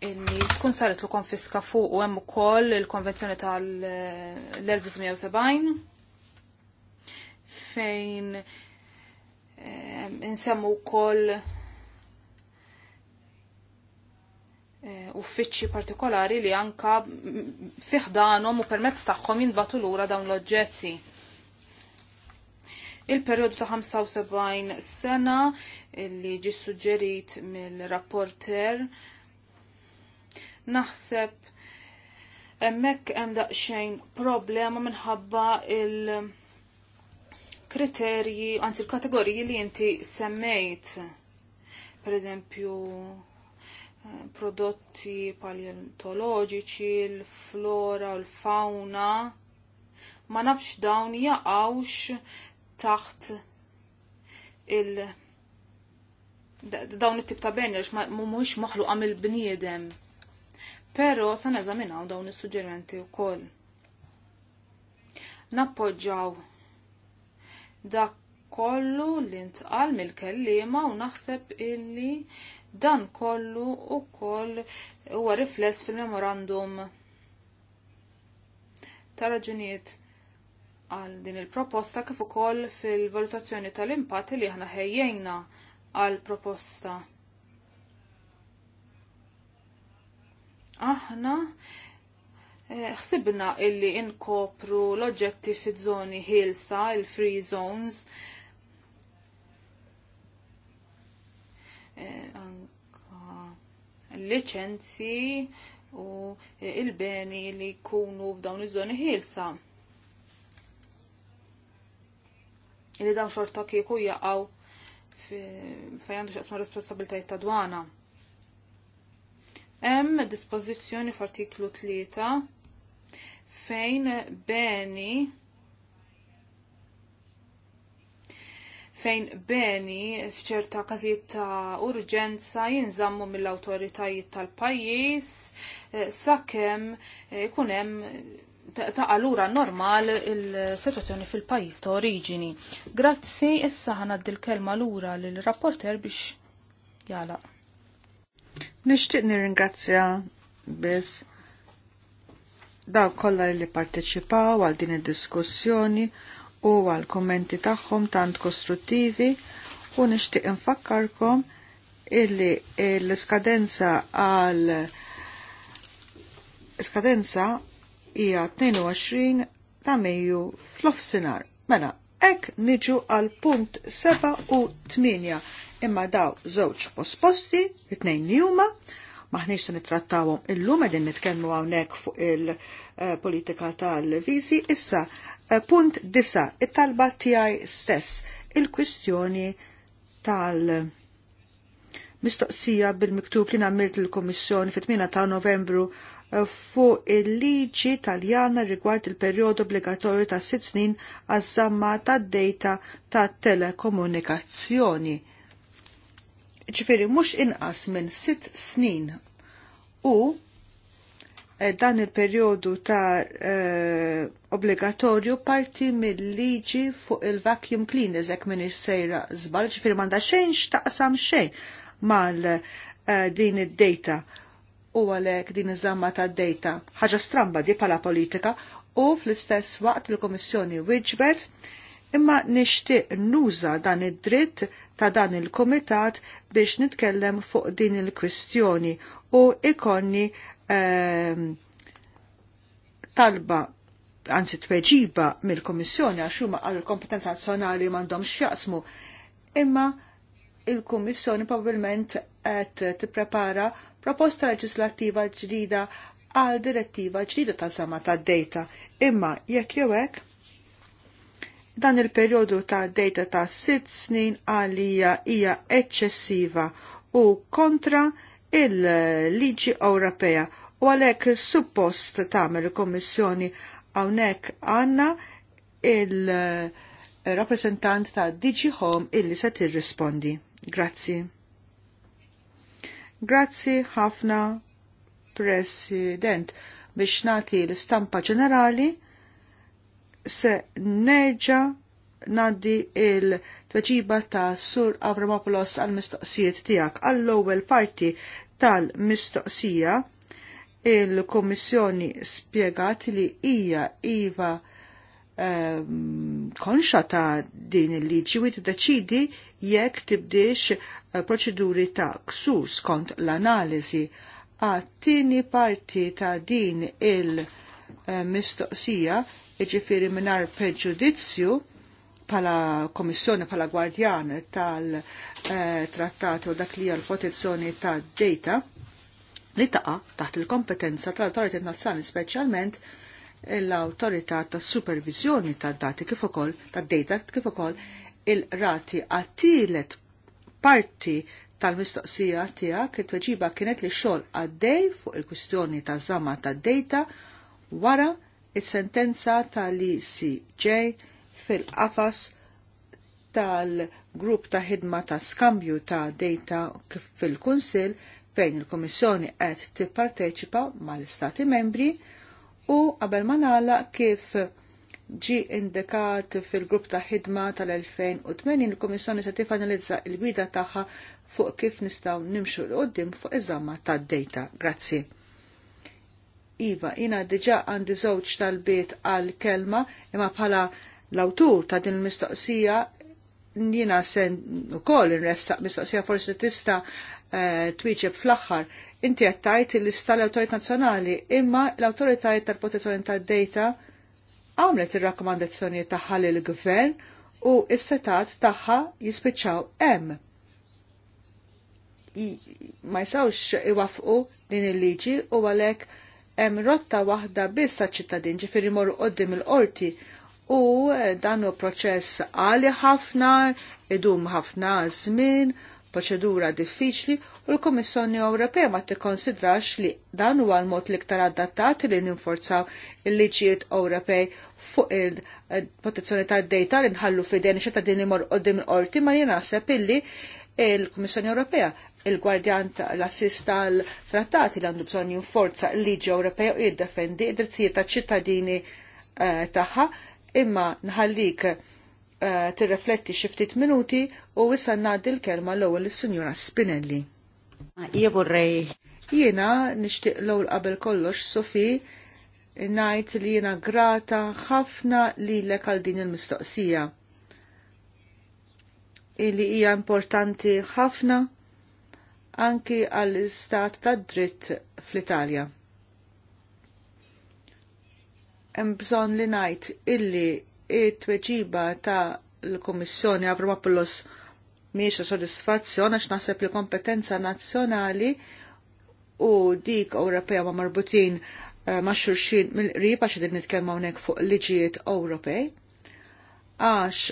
illi tkun saret lu konfiska fuq u hemm ukoll il-Konvenzjoni tal-1970 fejn insemmu wkoll eh, uffiċċji partikolari li anka fiħdanhom u permezz tagħhom jinbatu lura dawn l-oġġetti il-periodu ta' 75 sena li ġi suġġerit mill-rapporter naħseb emmek hemm daqsxejn problema minħabba il- kriterji, anzi l-kategoriji li inti semmejt. Per eżempju, eh, prodotti paleontoloġiċi, l-flora, l-fauna. Ma nafx dawn jaqawx taħt il- dawn it-tip ta' banners mhumiex maħluqa il bniedem Però sa neżaminaw dawn is u wkoll. Nappoġġaw dak kollu li ntqal mill-kellima u naħseb illi dan kollu u koll huwa rifless fil-memorandum ta' raġunijiet għal din il-proposta kif ukoll fil-valutazzjoni tal-impatt li aħna ħejjejna għal proposta. Aħna Eh, ħsibna illi inkopru l-oġġetti fi żoni ħilsa, il-free zones. liċenzi eh, licenzi u eh, il-beni li jkunu f'dawn iż-żoni ħilsa. Illi dawn xorta kieku jaqgħu fejn xaqsma responsabiltajiet ta' dwana. Hemm dispożizzjoni f'artiklu 3 fejn beni fejn beni fċerta każijiet ta' urġenza jinżammu mill awtoritajiet tal-pajjiż eh, sakemm eh, ikun hemm ta' allura normal il-situazzjoni fil-pajjiż ta' oriġini. Grazzi, issa ħanaddi dil kelma lura lill-rapporter biex jalaq. Nixtieq nirringrazzja biss daw kollha li parteċipaw għal din id-diskussjoni u għal kommenti tagħhom tant kostruttivi u nixtieq infakkarkom illi l iskadenza għal skadenza hija 22 ta' Mejju fl-offsinar. Mela, ek niġu għal punt 7 u 8 imma daw żewġ posposti, it-tnejn li huma, maħniex se nittrattawhom. Illum qegħdin nitkellmu hawnhekk fuq il-politika tal-viżi issa eh, punt disa it-talba tiegħi stess il-kwistjoni tal- mistoqsija bil-miktub li nagħmilt il komissjoni fit-8 ta' Novembru eh, fuq il-liġi taljana rigward il-perjodu obbligatorju ta' sitt snin għaż-żamma tad-dejta ta' telekomunikazzjoni ċifiri mux inqas minn sitt snin u eh, dan il-periodu ta' eh, obbligatorju parti mill-liġi fuq il-vacuum cleaners ek minn sejra zbal, ċifiri manda xejn xtaqsam xejn mal eh, din id-data u għalek din iż-żamma ta' data ħaġa stramba di pala politika u fl-istess waqt il-Komissjoni wieġbet imma nixtieq nuża dan id-dritt ta' dan il-komitat biex nitkellem fuq din il-kwistjoni u ikonni ehm, talba anzi tweġiba mill-Komissjoni għax huma għal kompetenza nazzjonali m'għandhom x'jaqsmu. Imma il-Kummissjoni probabbilment qed tipprepara proposta leġislattiva ġdida għal direttiva ġdida ta' sama ta' data. Imma jekk jew hekk dan il-perjodu ta' data ta' sitt snin għalija hija eċċessiva u kontra il-liġi Ewropea u għalhekk suppost tagħmel il-Kommissjoni hawnhekk għandna il-rappresentant ta' Digi Home illi se tirrispondi. Grazzi. Grazzi ħafna President biex nati l-istampa ġenerali se nerġa nandi il-tweġiba ta' Sur Avramopoulos għal-mistoqsijiet tijak għall-ewwel parti tal-mistoqsija il komissjoni spiegat li hija iva um, konxa ta' din il-liġi u deċidi jekk tibdiex eh, proċeduri ta' ksur skont l-analiżi għat-tieni parti ta' din il- eh, mistoqsija iġifiri minar preġudizzju pala komissjoni pala gwardjan tal eh, trattatu u dak li l-protezzjoni ta' data li taqa taħt il-kompetenza tal autorita nazzjonali speċjalment l autorita ta' supervizjoni ta' dati kif ukoll ta' data kif ukoll il-rati għattilet parti tal-mistoqsija tiegħek it-tweġiba kienet li xogħol għaddej fuq il-kwistjoni ta' żama ta' data wara is-sentenza tal ecj fil-qafas tal-grupp ta' ħidma ta' skambju ta' data fil-Kunsil fejn il-Komissjoni qed tipparteċipa mal-Istati membri u qabel ma nala kif ġi indikat fil-grupp ta' ħidma tal-2008 il-Komissjoni se tifanalizza l-gwida tagħha fuq kif nistgħu nimxu l qoddim fuq iż-żamma tad-data. Grazzi. Iva, jina diġa għandi żewġ tal-bit għal-kelma, imma bħala l-awtur ta' din il-mistoqsija jina sen u koll nressaq mistoqsija forsi tista uh, eh, fl-axħar. Inti għattajt l-lista l-autorit nazjonali, imma l-autoritajt tal-protezzjoni tad-data għamlet il-rakkomandazzjoni taħħa il gvern u istetat taħħa jispiċċaw hemm ma jisawx iwafqu din il-liġi u għalek hemm rotta waħda biss ċittadin ġifieri morru qoddim il-qorti u eh, dan hu proċess għali ħafna, idum ħafna żmien, proċedura diffiċli u l-Komissjoni Ewropea ma tikkonsidrax li dan huwa l-mod l-iktar adattat li ninforzaw il-liġijiet Ewropej fuq il-protezzjoni tad-dejta li nħallu fidejn li din imor il qorti ma jien naħseb illi il-Kummissjoni Ewropea il-gwardjan l-assist tal-trattati li għandu bżonn forza l-liġi Ewropea u jiddefendi id-drittijiet ta' ċittadini eh, tagħha imma nħallik eh, tirrefletti xi ftit minuti u issa ngħaddi l-kelma l-ewwel is-Sinjura Spinelli. Ija vorrej. Jiena nixtieq l-ewwel qabel kollox Sofi ngħid li jiena grata ħafna lilek għal din il-mistoqsija. Illi hija importanti ħafna anki għall istat tad dritt fl-Italja. Hemm bżonn li ngħid illi it-tweġiba ta' l-Kummissjoni Avramopoulos miex sodisfazzjon għax naħseb li kompetenza nazzjonali u dik Ewropea ma' marbutin eh, ma' xurxin mill-qrib għax din nitkellmu hawnhekk fuq liġijiet Ewropej għax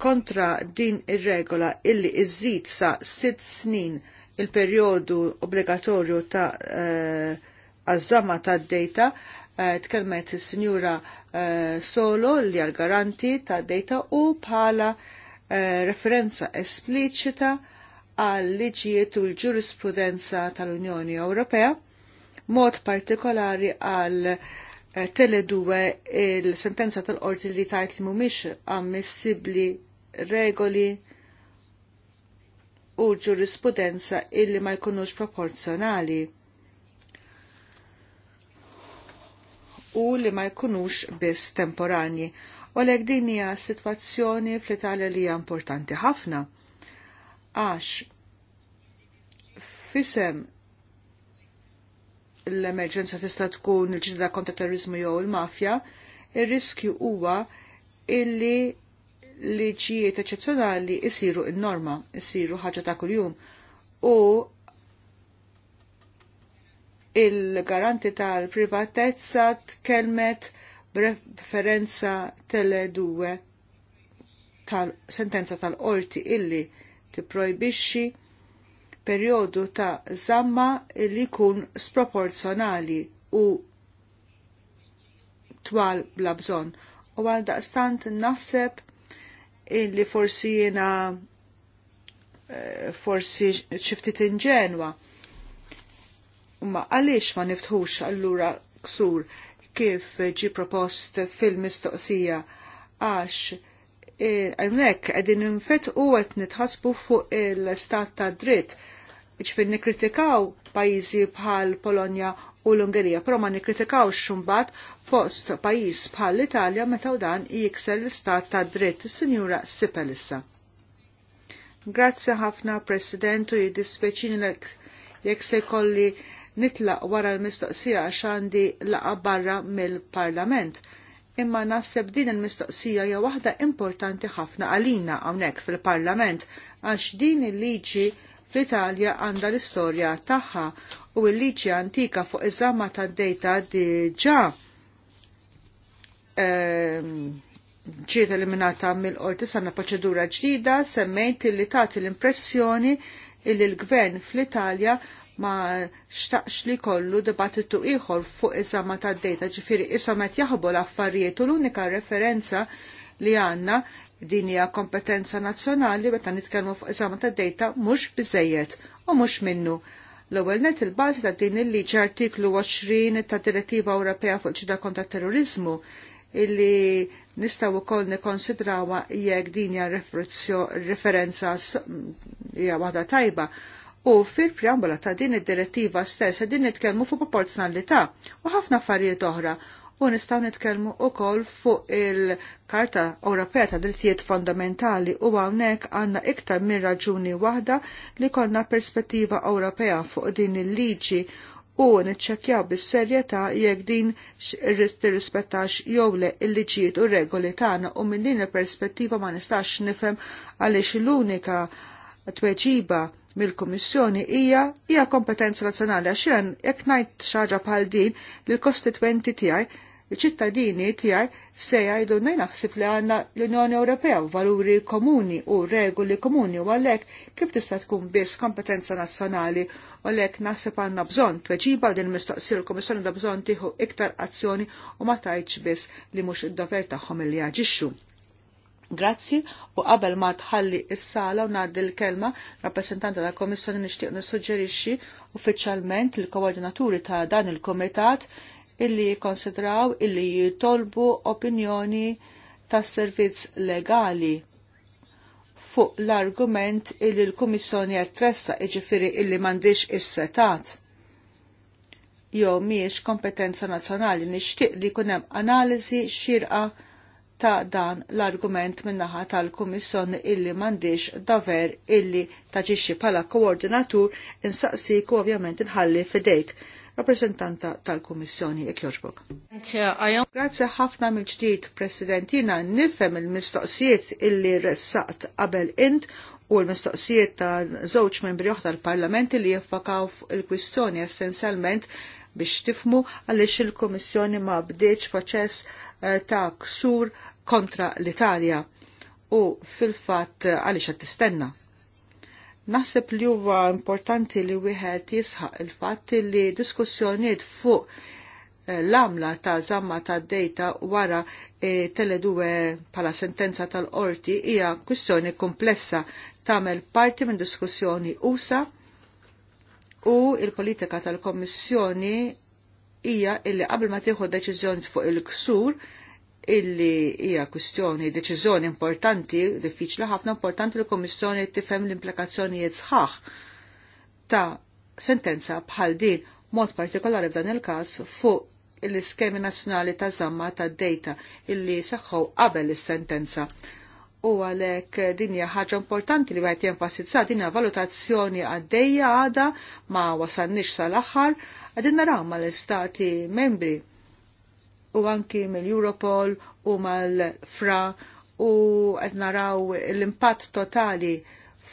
kontra din ir-regola illi iżid sa sitt snin il-perjodu obbligatorju ta' eh, għazzama ta' data eh, tkellmet il-Sinjura eh, Solo li għal-garanti ta' data u bħala referenza espliċita għal liġijiet u l-ġurisprudenza tal-Unjoni Ewropea, mod partikolari għal tele due il-sentenza tal-qorti li tajt li mumiex ammissibli regoli u ġurisprudenza illi ma jkunux proporzjonali u li ma jkunux biss temporani. U l din hija situazzjoni fl-Italja li hija importanti ħafna. Għax fisem l-emerġenza tista' tkun il-ġidda kontra terrorizmu jew il-mafja, ir-riskju huwa illi liġijiet eccezzjonali jisiru il norma isiru ħaġa ta' kuljum. U il-garanti tal-privatezza tkellmet b'referenza tele-due tal-sentenza tal-qorti illi tipprojbixxi perjodu ta' zamma illi jkun sproporzjonali u twal bla bżonn. U għal daqstant naħseb illi forsi jena eh, forsi xiftit inġenwa. Ma għaliex ma niftħux allura ksur kif ġi propost fil-mistoqsija għax għemmek għedin nfet u għet nitħasbu fuq il-stat ta' dritt ċfir nikritikaw pajizi bħal Polonja u l-Ungerija, pero ma nikritikaw xumbat post pajjiż bħal l-Italja meta dan jikser l-istat ta' dritt sinjura Sipelissa. Grazzi ħafna, Presidentu, jiddispeċini l-ek jek se kolli nitlaq wara l-mistoqsija xandi laqa barra mill-parlament. Imma naħseb din il-mistoqsija hija waħda importanti ħafna għalina hawnhekk fil-parlament għax din il-liġi fl-Italja għandha l-istorja tagħha u l-liġi antika fuq iż-żamma tad-dejta diġà ehm, ġiet eliminata mill-qorti sanna proċedura ġdida semmejt li tagħti l-impressjoni illi l-gvern fl-Italja ma xtaqx li kollu dibattitu ieħor fuq iż-żamma tad-dejta ġifieri isom qed jaħbu l-affarijiet u l-unika referenza li għanna din hija kompetenza nazzjonali meta nitkellmu fuq eżamen ta' data mhux biżejjed u mhux minnu. L-ewwel net il-bażi ta' din il-liġi artiklu 20 ta' Direttiva Ewropea fuq ċida kontra terrorizmu illi nistgħu wkoll nikkonsidrawha jekk din hija referenza hija waħda tajba. U fil-preambola ta' din id-direttiva stessa din nitkellmu fuq proporzjonalità u ħafna affarijiet oħra u nistgħu nitkellmu wkoll fuq il-Karta Ewropea ta' Drittijiet Fondamentali u hawnhekk għandna iktar minn raġuni waħda li konna perspettiva Ewropea fuq din il-liġi u niċċekkjaw bis-serjetà jekk din tirrispettax jew le il-liġijiet u regoli tagħna u minn din il-perspettiva ma nistax nifhem għaliex l-unika tweġiba mill-Kummissjoni hija hija kompetenza nazzjonali għax jekk ngħid xi ħaġa bħal din lill kostitwenti tiegħi ċittadini tiegħi se jgħidu nej naħseb li għandna l-Unjoni Ewropea valuri komuni u regoli komuni u għalhekk kif tista' tkun biss kompetenza nazzjonali u għalhekk naħseb għandna bżonn tweġiba din mistoqsir il komissjoni da bżonn tieħu iktar azzjoni u ma tajċ biss li mhux id-dover tagħhom li jaġixxu. Grazzi u qabel ma tħalli is-sala u ngħaddi l-kelma rappreżentanta tal Komissjoni nixtieq nissuġġerixxi uffiċjalment il-koordinaturi ta' dan il-Komitat illi jikonsidraw illi jitolbu opinjoni tas servizz legali fuq l-argument illi l-Kummissjoni għattressa iġifiri illi mandiġ is-setat. Jo miex kompetenza nazjonali nixtieq li kunem analizi xirqa ta' dan l-argument minnaħa tal-Kummissjoni illi mandiġ daver illi taġiċi pala koordinatur insaqsiku ovvjament inħalli fidejk rappresentanta tal-Kummissjoni Ekjoġbok. Grazie ħafna mill-ġdid, President, nifem nifhem il-mistoqsijiet illi ressaqt qabel int u l-mistoqsijiet ta' żewġ membri oħra tal-Parlamenti li jiffakaw il-kwistjoni essenzjalment biex tifmu għaliex il-Kummissjoni ma bdeċ proċess eh, ta' ksur kontra l-Italja u fil-fat eh, għaliex għattistenna. tistenna Naħseb li huwa importanti li wieħed jisħaq il-fatt li diskussjonijiet fuq eh, l-amla ta' zamma ta' dejta wara e, eh, tele pala sentenza tal-qorti hija kwistjoni komplessa tagħmel parti minn diskussjoni usa u il-politika tal-Kommissjoni hija illi qabel ma tieħu deċiżjoni fuq il-ksur illi hija kwistjoni deċiżjoni importanti, diffiċli ħafna importanti li l-Kommissjoni tifhem l-implikazzjonijiet sħaħ ta' sentenza bħal din mod partikolari f'dan il-każ fuq l-iskemi nazzjonali ta' zamma ta' data illi saħħu qabel is-sentenza. U għalhekk din hija ħaġa importanti li wieħed jenfasizza din hija valutazzjoni għaddejja għada ma wasalniex sal-aħħar qegħdin naraw mal-istati membri u anki mill-Europol u mal-FRA u qed naraw l-impatt totali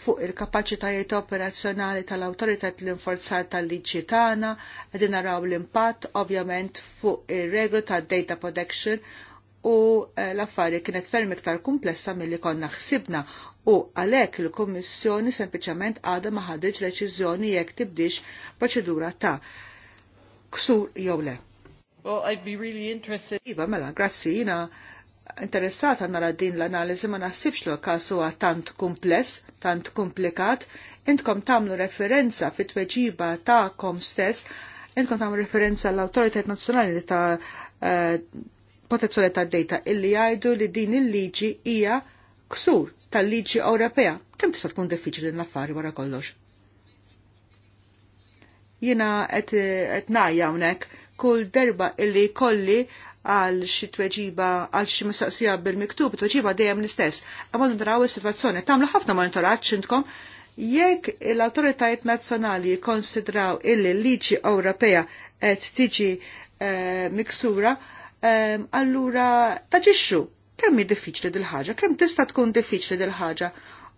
fuq il-kapacitajiet operazzjonali tal-autorità l-inforzar tal-liġi tagħna, qegħdin naraw l-impatt ovvjament fuq ir-regru tad-data protection u eh, l-affari kienet ferm iktar komplessa milli konna ħsibna u għalhekk il-Kummissjoni sempliċement għadha ma ħadġ deċiżjoni jekk tibdix proċedura ta' ksur jew le. I'd be really interested. Iva, mela, grazzi, jina interessata nara din l-analizi ma nasibx l kasu tant kumpless, tant komplikat, intkom tamlu referenza fit tweġiba kom stess, intkom tamlu referenza l-autoritet nazjonali ta' uh, protezzjoni ta' data illi jgħidu li din il-liġi hija ksur tal-liġi Ewropea. Kemm tista' tkun diffiċli l-affari wara kollox? Jiena qed eh, ngħajja hawnhekk kull derba illi kolli għal xi tweġiba għal xi mistaqsija bil-miktub, tweġiba dejjem l-istess. Għamon ndraw is-sitwazzjoni, tagħmlu ħafna monitorat intkom jekk l autoritajt nazzjonali konsidraw illi l-liġi Ewropea qed tiġi eh, miksura, eh, allura taġixxu kemm hi diffiċli dil ħaġa kemm tista' tkun diffiċli dil ħaġa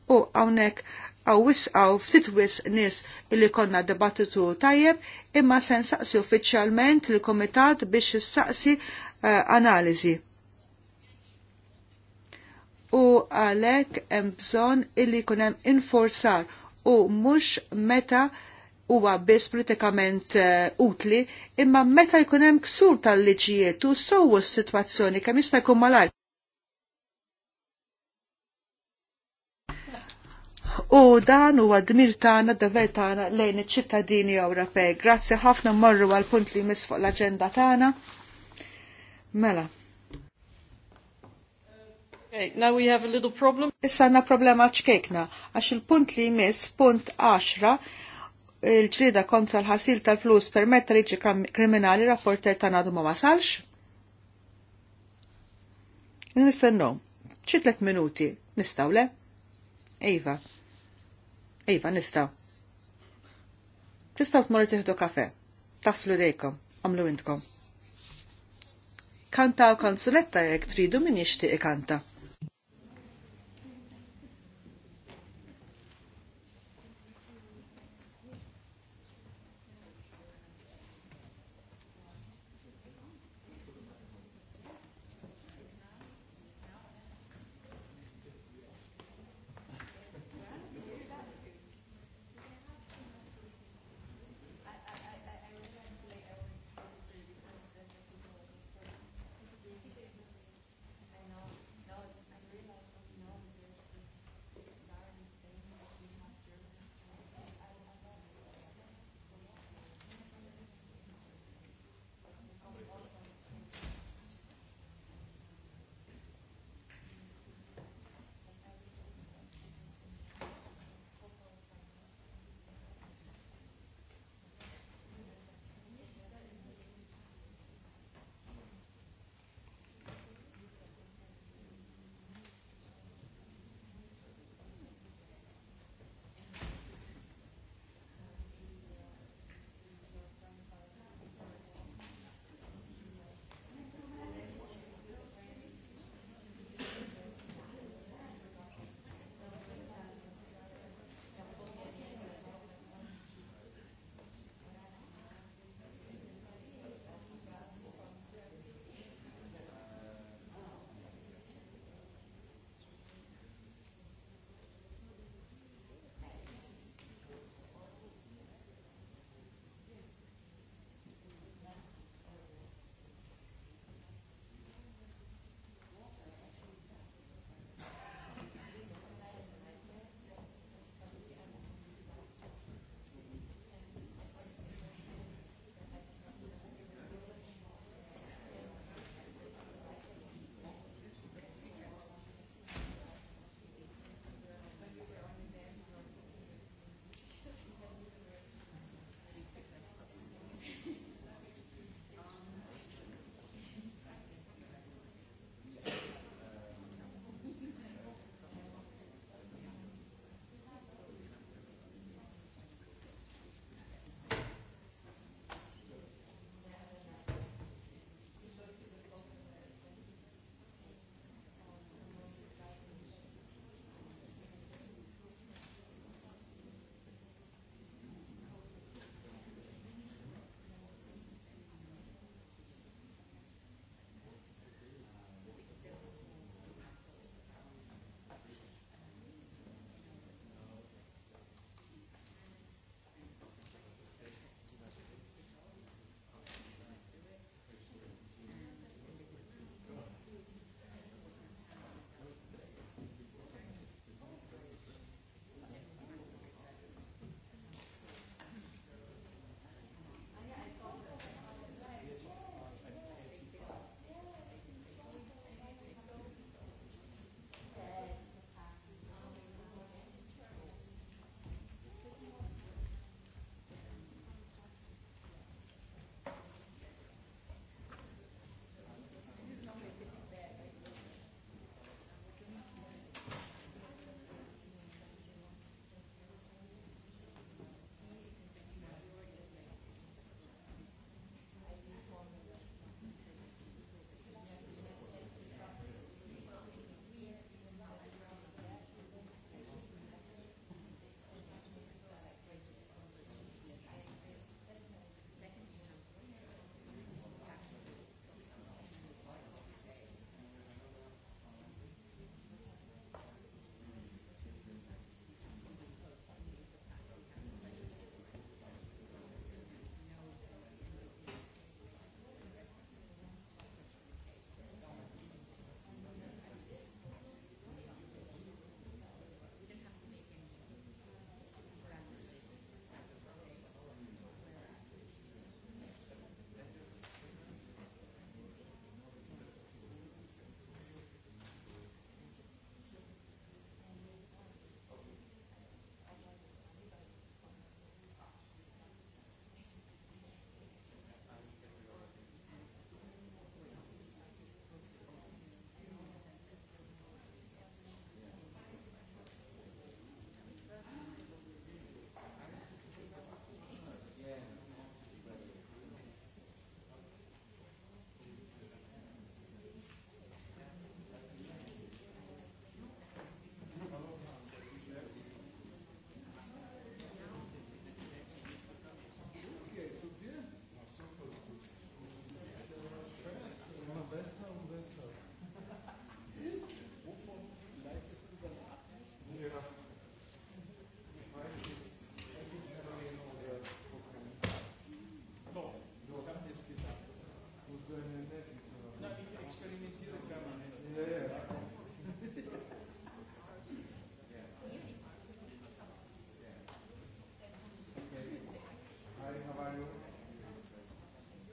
U hawnhekk għaw wisqaw ftit wis nis illi konna debattitu tajjeb imma sen saqsi uffiċjalment l-komitat biex saqsi uh, eh, analizi. U għalek hemm bżonn illi jkun hemm infurzar u mhux meta huwa biss politikament uh, utli, imma meta jkun hemm ksur tal-liġijiet u sowu s-sitwazzjoni kemm jista' jkun malar u dan huwa dmir tagħna d-dever tagħna lejn iċ-ċittadini Ewropej. Grazzi ħafna mmorru għal punt li jmiss fuq l-aġenda tagħna. Mela. Okay, now we have a little problem. Issa għandna problema ċkekna, għax il-punt li jmiss punt 10 il-ġrida kontra l-ħasil tal-flus permetta liġi kriminali rapporter ta' għadu ma wasalx? Nistennu, ċi minuti, nistawle? le? Iva. Iva, nistaw. Tistaw tmorru tiħdu kafe. Taslu dejkom, għamlu intkom. u kanzunetta jek tridu min jixtieq ikanta.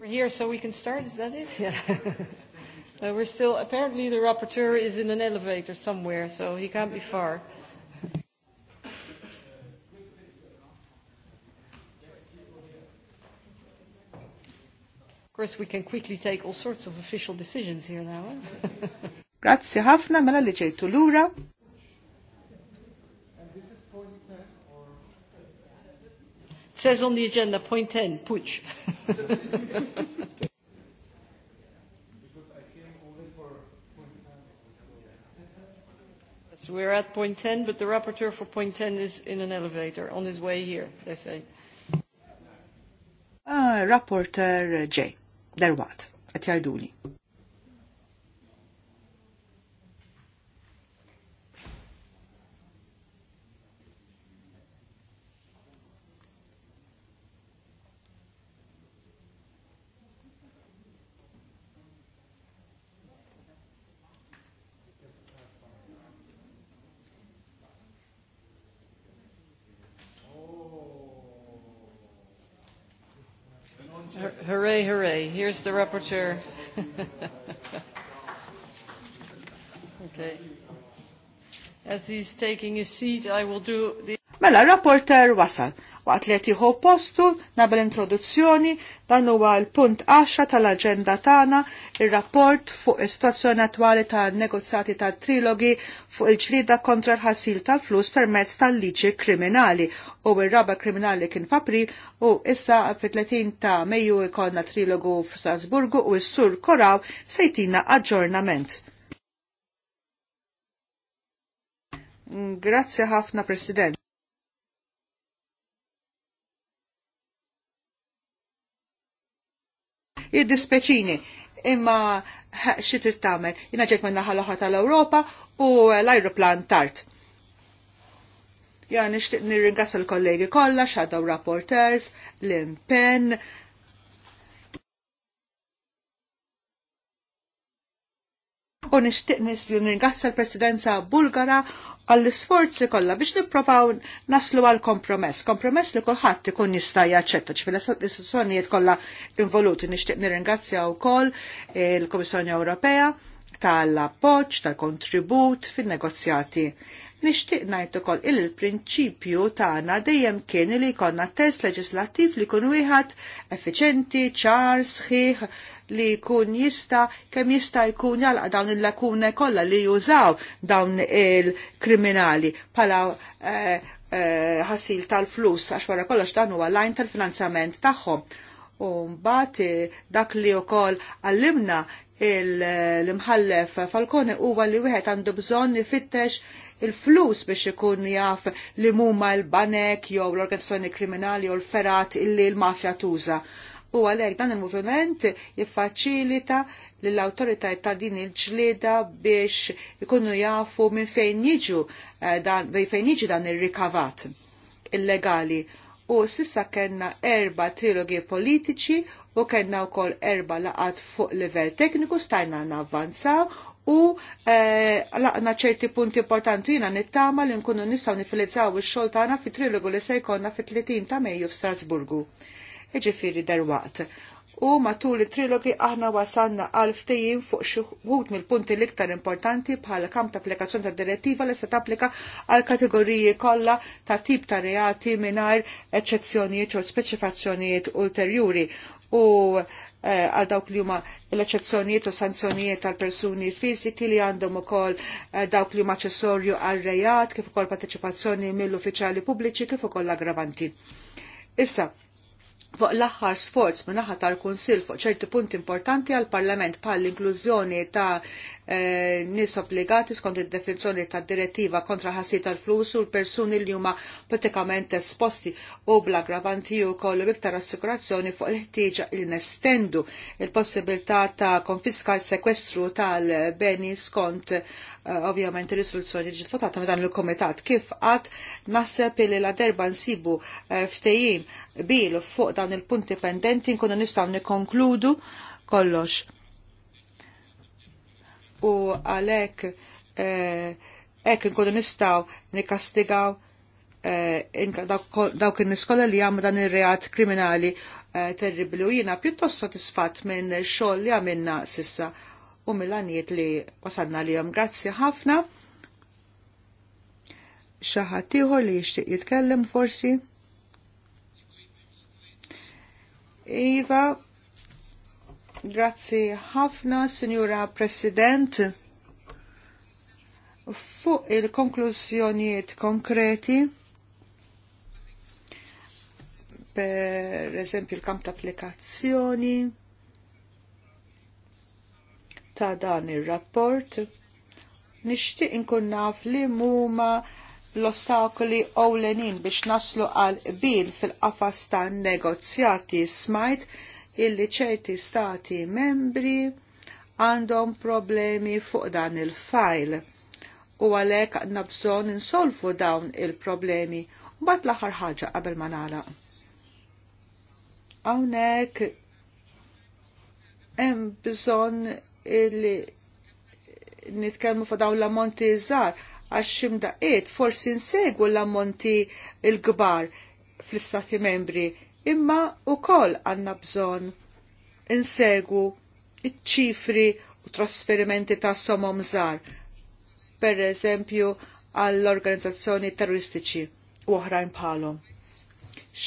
We're here so we can start, is that it? Yeah. uh, we're still, apparently the rapporteur is in an elevator somewhere, so he can't be far. Of course, we can quickly take all sorts of official decisions here now. Eh? Grazie Grazzi ħafna mela li ġejtu lura. It says on the agenda, point 10, putsch. so we're at point 10, but the rapporteur for point 10 is in an elevator on his way here, they say. Uh, rapporteur J. Derwat, għet jajduni. the rapporteur. okay. As he's taking his seat, I will do the... Mela, rapporteur wasal waqt li qed postu nabel introduzzjoni dan huwa l-punt 10 tal-aġenda tagħna ir-rapport fuq is-sitwazzjoni attwali tan-negozjati tat-trilogi fuq il-ġlida kontra l-ħasil tal-flus permezz tal-liġi kriminali u r-raba kriminali kien f'Apri u issa fit-30 ta' Mejju ikollna trilogu f'Salzburgu u s-sur Koraw sejtina aġġornament. Grazzi ħafna President. jiddispeċini imma xi trid tagħmel. Jiena ġejt minn naħa l tal-Ewropa u l-ajruplan tard. Ja nixtieq nirringrazzja l-kollegi kollha, shadow rapporteurs, l impen u nixtieq nirringazza l-Presidenza Bulgara għall-sforzi kollha biex nipprovaw naslu għal kompromess, kompromess li kulħadd ikun jista' jaċċetta ċfil istituzzjonijiet kollha involuti. Nixtieq nirringrazzja wkoll il-Kummissjoni eh, Ewropea tal-appoġġ, tal-kontribut fin-negozjati. Nixtieq ngħid ukoll il-prinċipju tagħna dejjem kien li jkollna test leġislattiv li kun wieħed effiċenti, ċar, sħiħ, li jkun jista kemm jista jkun jalqa dawn il lakuna kollha li jużaw dawn il-kriminali bħala ħasil eh, eh, tal-flus għax wara kollox dan huwa lajn tal finanzament tagħhom. U mbagħad eh, dak li wkoll għallimna l-imħallef Falcone huwa li wieħed għandu bżonn ifittex il-flus biex ikun jaf li mumma l-banek jew l-organizzazzjoni kriminali jew l-ferat illi l-mafja tuża. U għalhekk dan il-moviment jiffaċilita lill awtoritajiet ta' din il-ġlieda biex ikunu jafu minn fejn jiġu eh, dan ir-rikavat illegali. U sissa kellna erba trilogi politiċi u kellna wkoll erba laqat fuq livell tekniku stajna navvanzaw u e, laqna ċerti punti importanti jina nittama li nkunu nistaw nifilizzaw ix-xogħol tagħna fit-trilogu li se jkollna fit-30 ta' Mejju f'Strasburgu. Iġifieri derwaqt u matul it-trilogi aħna wasalna għal ftejjin fuq xi wħud mill-punti l-iktar importanti bħala kamp ta' applikazzjoni tad direttiva li se tapplika għal kategoriji kollha ta' tip ta' reati mingħajr eċċezzjonijiet u speċifazzjonijiet ulterjuri u eh, għal dawk li huma l-eċezzjonijiet u sanzjonijiet tal persuni fiziki li għandhom ukoll eh, dawk li huma aċessorju għal rejat kif ukoll parteċipazzjoni mill-uffiċjali pubbliċi kif ukoll aggravanti. Issa, fuq l-aħħar sforz minn aħħar tal-Kunsill fuq ċerti punti importanti għal Parlament bħal l-inklużjoni ta' eh, nies obbligati skont id-definizzjoni ta' direttiva kontra ħassi tal-flus u l-persuni li huma pratikament esposti u bl-aggravanti u kollu iktar assikurazzjoni fuq l-ħtieġa li nestendu il-possibilità ta' konfiska s sekwestru tal-beni skont Eh, ovvjament il-risoluzzjoni ġiet votata me dan il-komitat. Kif għat naħseb li la derba nsibu eh, ftejim bil fuq dan il-punti pendenti nkunu nistaw nikkonkludu kollox. U għalek ek eh, nkunu nistaw nikkastigaw dawk in-niskola li għam dan ir-reat kriminali terribli u jina pjuttost sodisfatt minn xogħol li għamilna sissa u mill-għaniet li wasadna li jom. Grazzi ħafna. Xaħat li jishtiq jitkellem forsi. Iva, grazzi ħafna, Signora President. Fuq il-konklużjonijiet konkreti, per eżempju il-kamp ta' applikazzjoni, ta' dan ir-rapport nixtieq inkun naf li huma l-ostakoli ewlenin biex naslu għal bil fil-qafas tan negozjati smajt illi ċerti stati membri għandhom problemi fuq dan il-fajl u għalek għadna bżonn insolfu dawn il-problemi u bat laħar ħaġa qabel ma nagħlaq. Hawnhekk hemm bżonn Li nitkellmu fa' dawn l-ammonti żgħar għax ximdaqiet forsi nsegwu l-ammonti l-kbar fl-istati membri, imma u koll għanna bżon insegwu ċifri u trasferimenti ta' somom żgħar, per eżempju għall-organizzazzjoni terroristiċi u oħrajn bħalhom.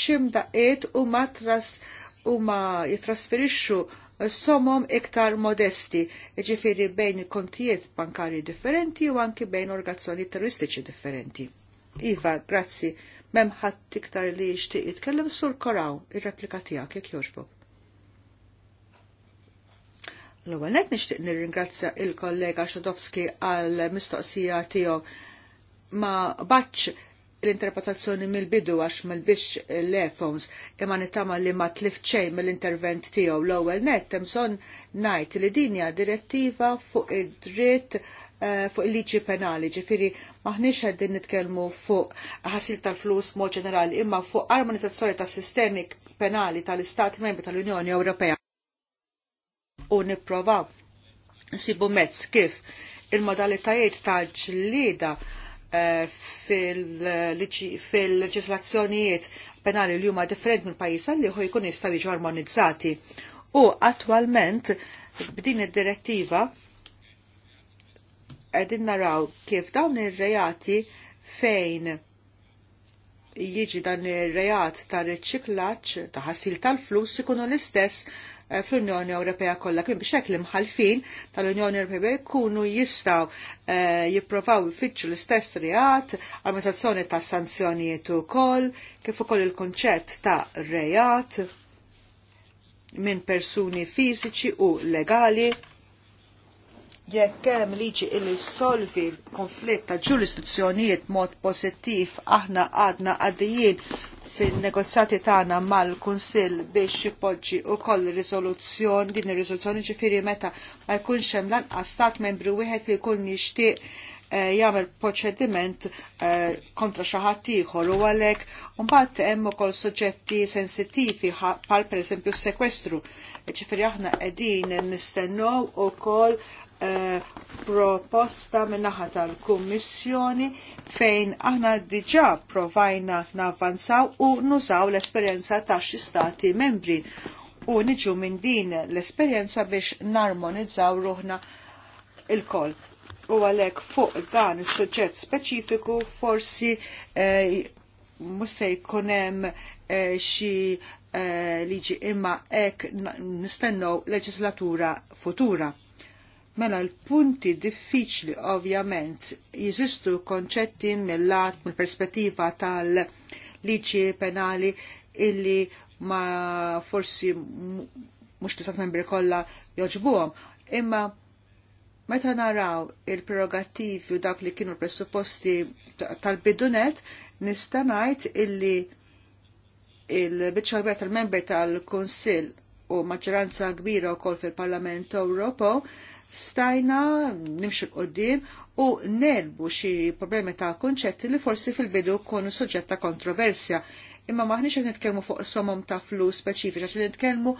Ximdaqiet matras u huma jitrasferixxu somom iktar modesti, ġifiri bejn kontijiet bankari differenti u anki bejn organizzjoni turistiċi differenti. Iva, grazzi, memħat iktar li jishtiq jitkellem sur koraw ir-replika tiegħek jekk joġbok. L-ewwel qed nixtieq nirringrazzja il-kollega Xodowski għal mistoqsija tiegħu ma baċċ l-interpretazzjoni mill-bidu għax mill-bix l-earphones imma nitama li ma tlift xejn mill-intervent tiegħu l-ewwel net imson ngħid li din hija direttiva fuq id-dritt eh, fuq il-liġi penali, ġifiri maħniex għeddin nitkelmu fuq ħasil tal-flus mod ġenerali, imma fuq armonizzazzjoni ta' sistemi penali tal-Istati membri tal-Unjoni Ewropea. U nipprovaw nsibu mezz kif il-modalitajiet ta' ġlida Eh, fil-leġislazzjonijiet penali li huma differenti minn pajjiż għal ieħor jkun jistgħu jiġu armonizzati. U attwalment b'din id-direttiva qegħdin naraw kif dawn ir-reati fejn jiġi dan ir-reat ta' riċiklaġġ ta' ħasil tal-flus ikunu l-istess fl-Unjoni Ewropea kollha kien biex hekk l-imħalfin tal-Unjoni Ewropea jkunu jistgħu eh, jippruvaw jfittxu l-istess reat, armatazzjoni ta' sanzjonijiet ukoll, kif ukoll il-kunċett ta' reat minn persuni fiżiċi u legali jekk hemm liġi illi solvi l-konflitt ta' ġurisdizzjonijiet mod pożittiv aħna għadna għaddijin fin-negozjati tagħna mal-Kunsill biex jippoġġi wkoll riżoluzzjoni din ir-riżoluzzjoni ġifieri meta ma jkunx hemm lanqas stat membru wieħed li jkun jixtieq eh, jagħmel proċediment eh, kontra xi ħadd ieħor u għalhekk mbagħad hemm ukoll suġġetti sensittivi bħal pereżempju s-sekwestru. Ġifieri aħna qegħdin nistennew ukoll Eh, proposta minnaħa tal-Kummissjoni fejn aħna diġa provajna navvanzaw u nużaw l-esperjenza ta' xi stati membri u niġu minn din l-esperjenza biex narmonizzaw ruħna il-koll. U għalek fuq dan is-suġġett speċifiku forsi eh, musse jkunem eh, xi liġi imma ek nistennu leġislatura futura Mela l-punti diffiċli ovvjament jeżistu konċetti mill-lat, mill-perspettiva tal-liġi penali illi ma forsi mux tisat membri kolla joġbuħom. Imma meta naraw il-prerogativi u dak li kienu l presupposti tal-bidunet, nistanajt illi il-bicċa tal-membri tal-Konsil u maġġoranza kbira wkoll fil-Parlament Ewropew stajna nimxu l-qoddim u nerbu xi problemi ta' konċetti li forsi fil-bidu kunu suġġett ta' kontroversja imma maħniċ għed nitkelmu fuq somom ta' flus speċifiċa, għed nitkelmu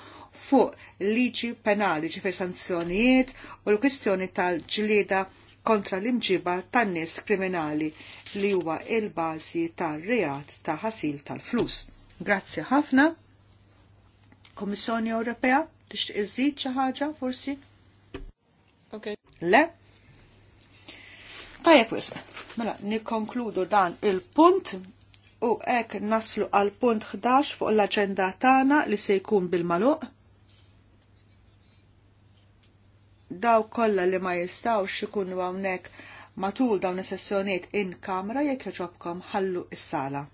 fuq liġi penali, ġifir sanzjonijiet u l-kwistjoni tal-ġlieda kontra l-imġiba tan nies kriminali li huwa il-bażi tar-reat ta' ħasil tal-flus. Grazzi ħafna. Kommissjoni Ewropea tixtieq iżid xi ħaġa forsi? Okay. Le? Tajjeb wisq. Mela, nikkonkludu dan il-punt u hekk naslu għal punt 11 fuq l-aġenda tagħna li se jkun bil-maluq. Daw kollha li ma jistgħux ikunu hawnhekk matul dawn is-sessjonijiet in kamra jekk joġobkom ħallu is-sala.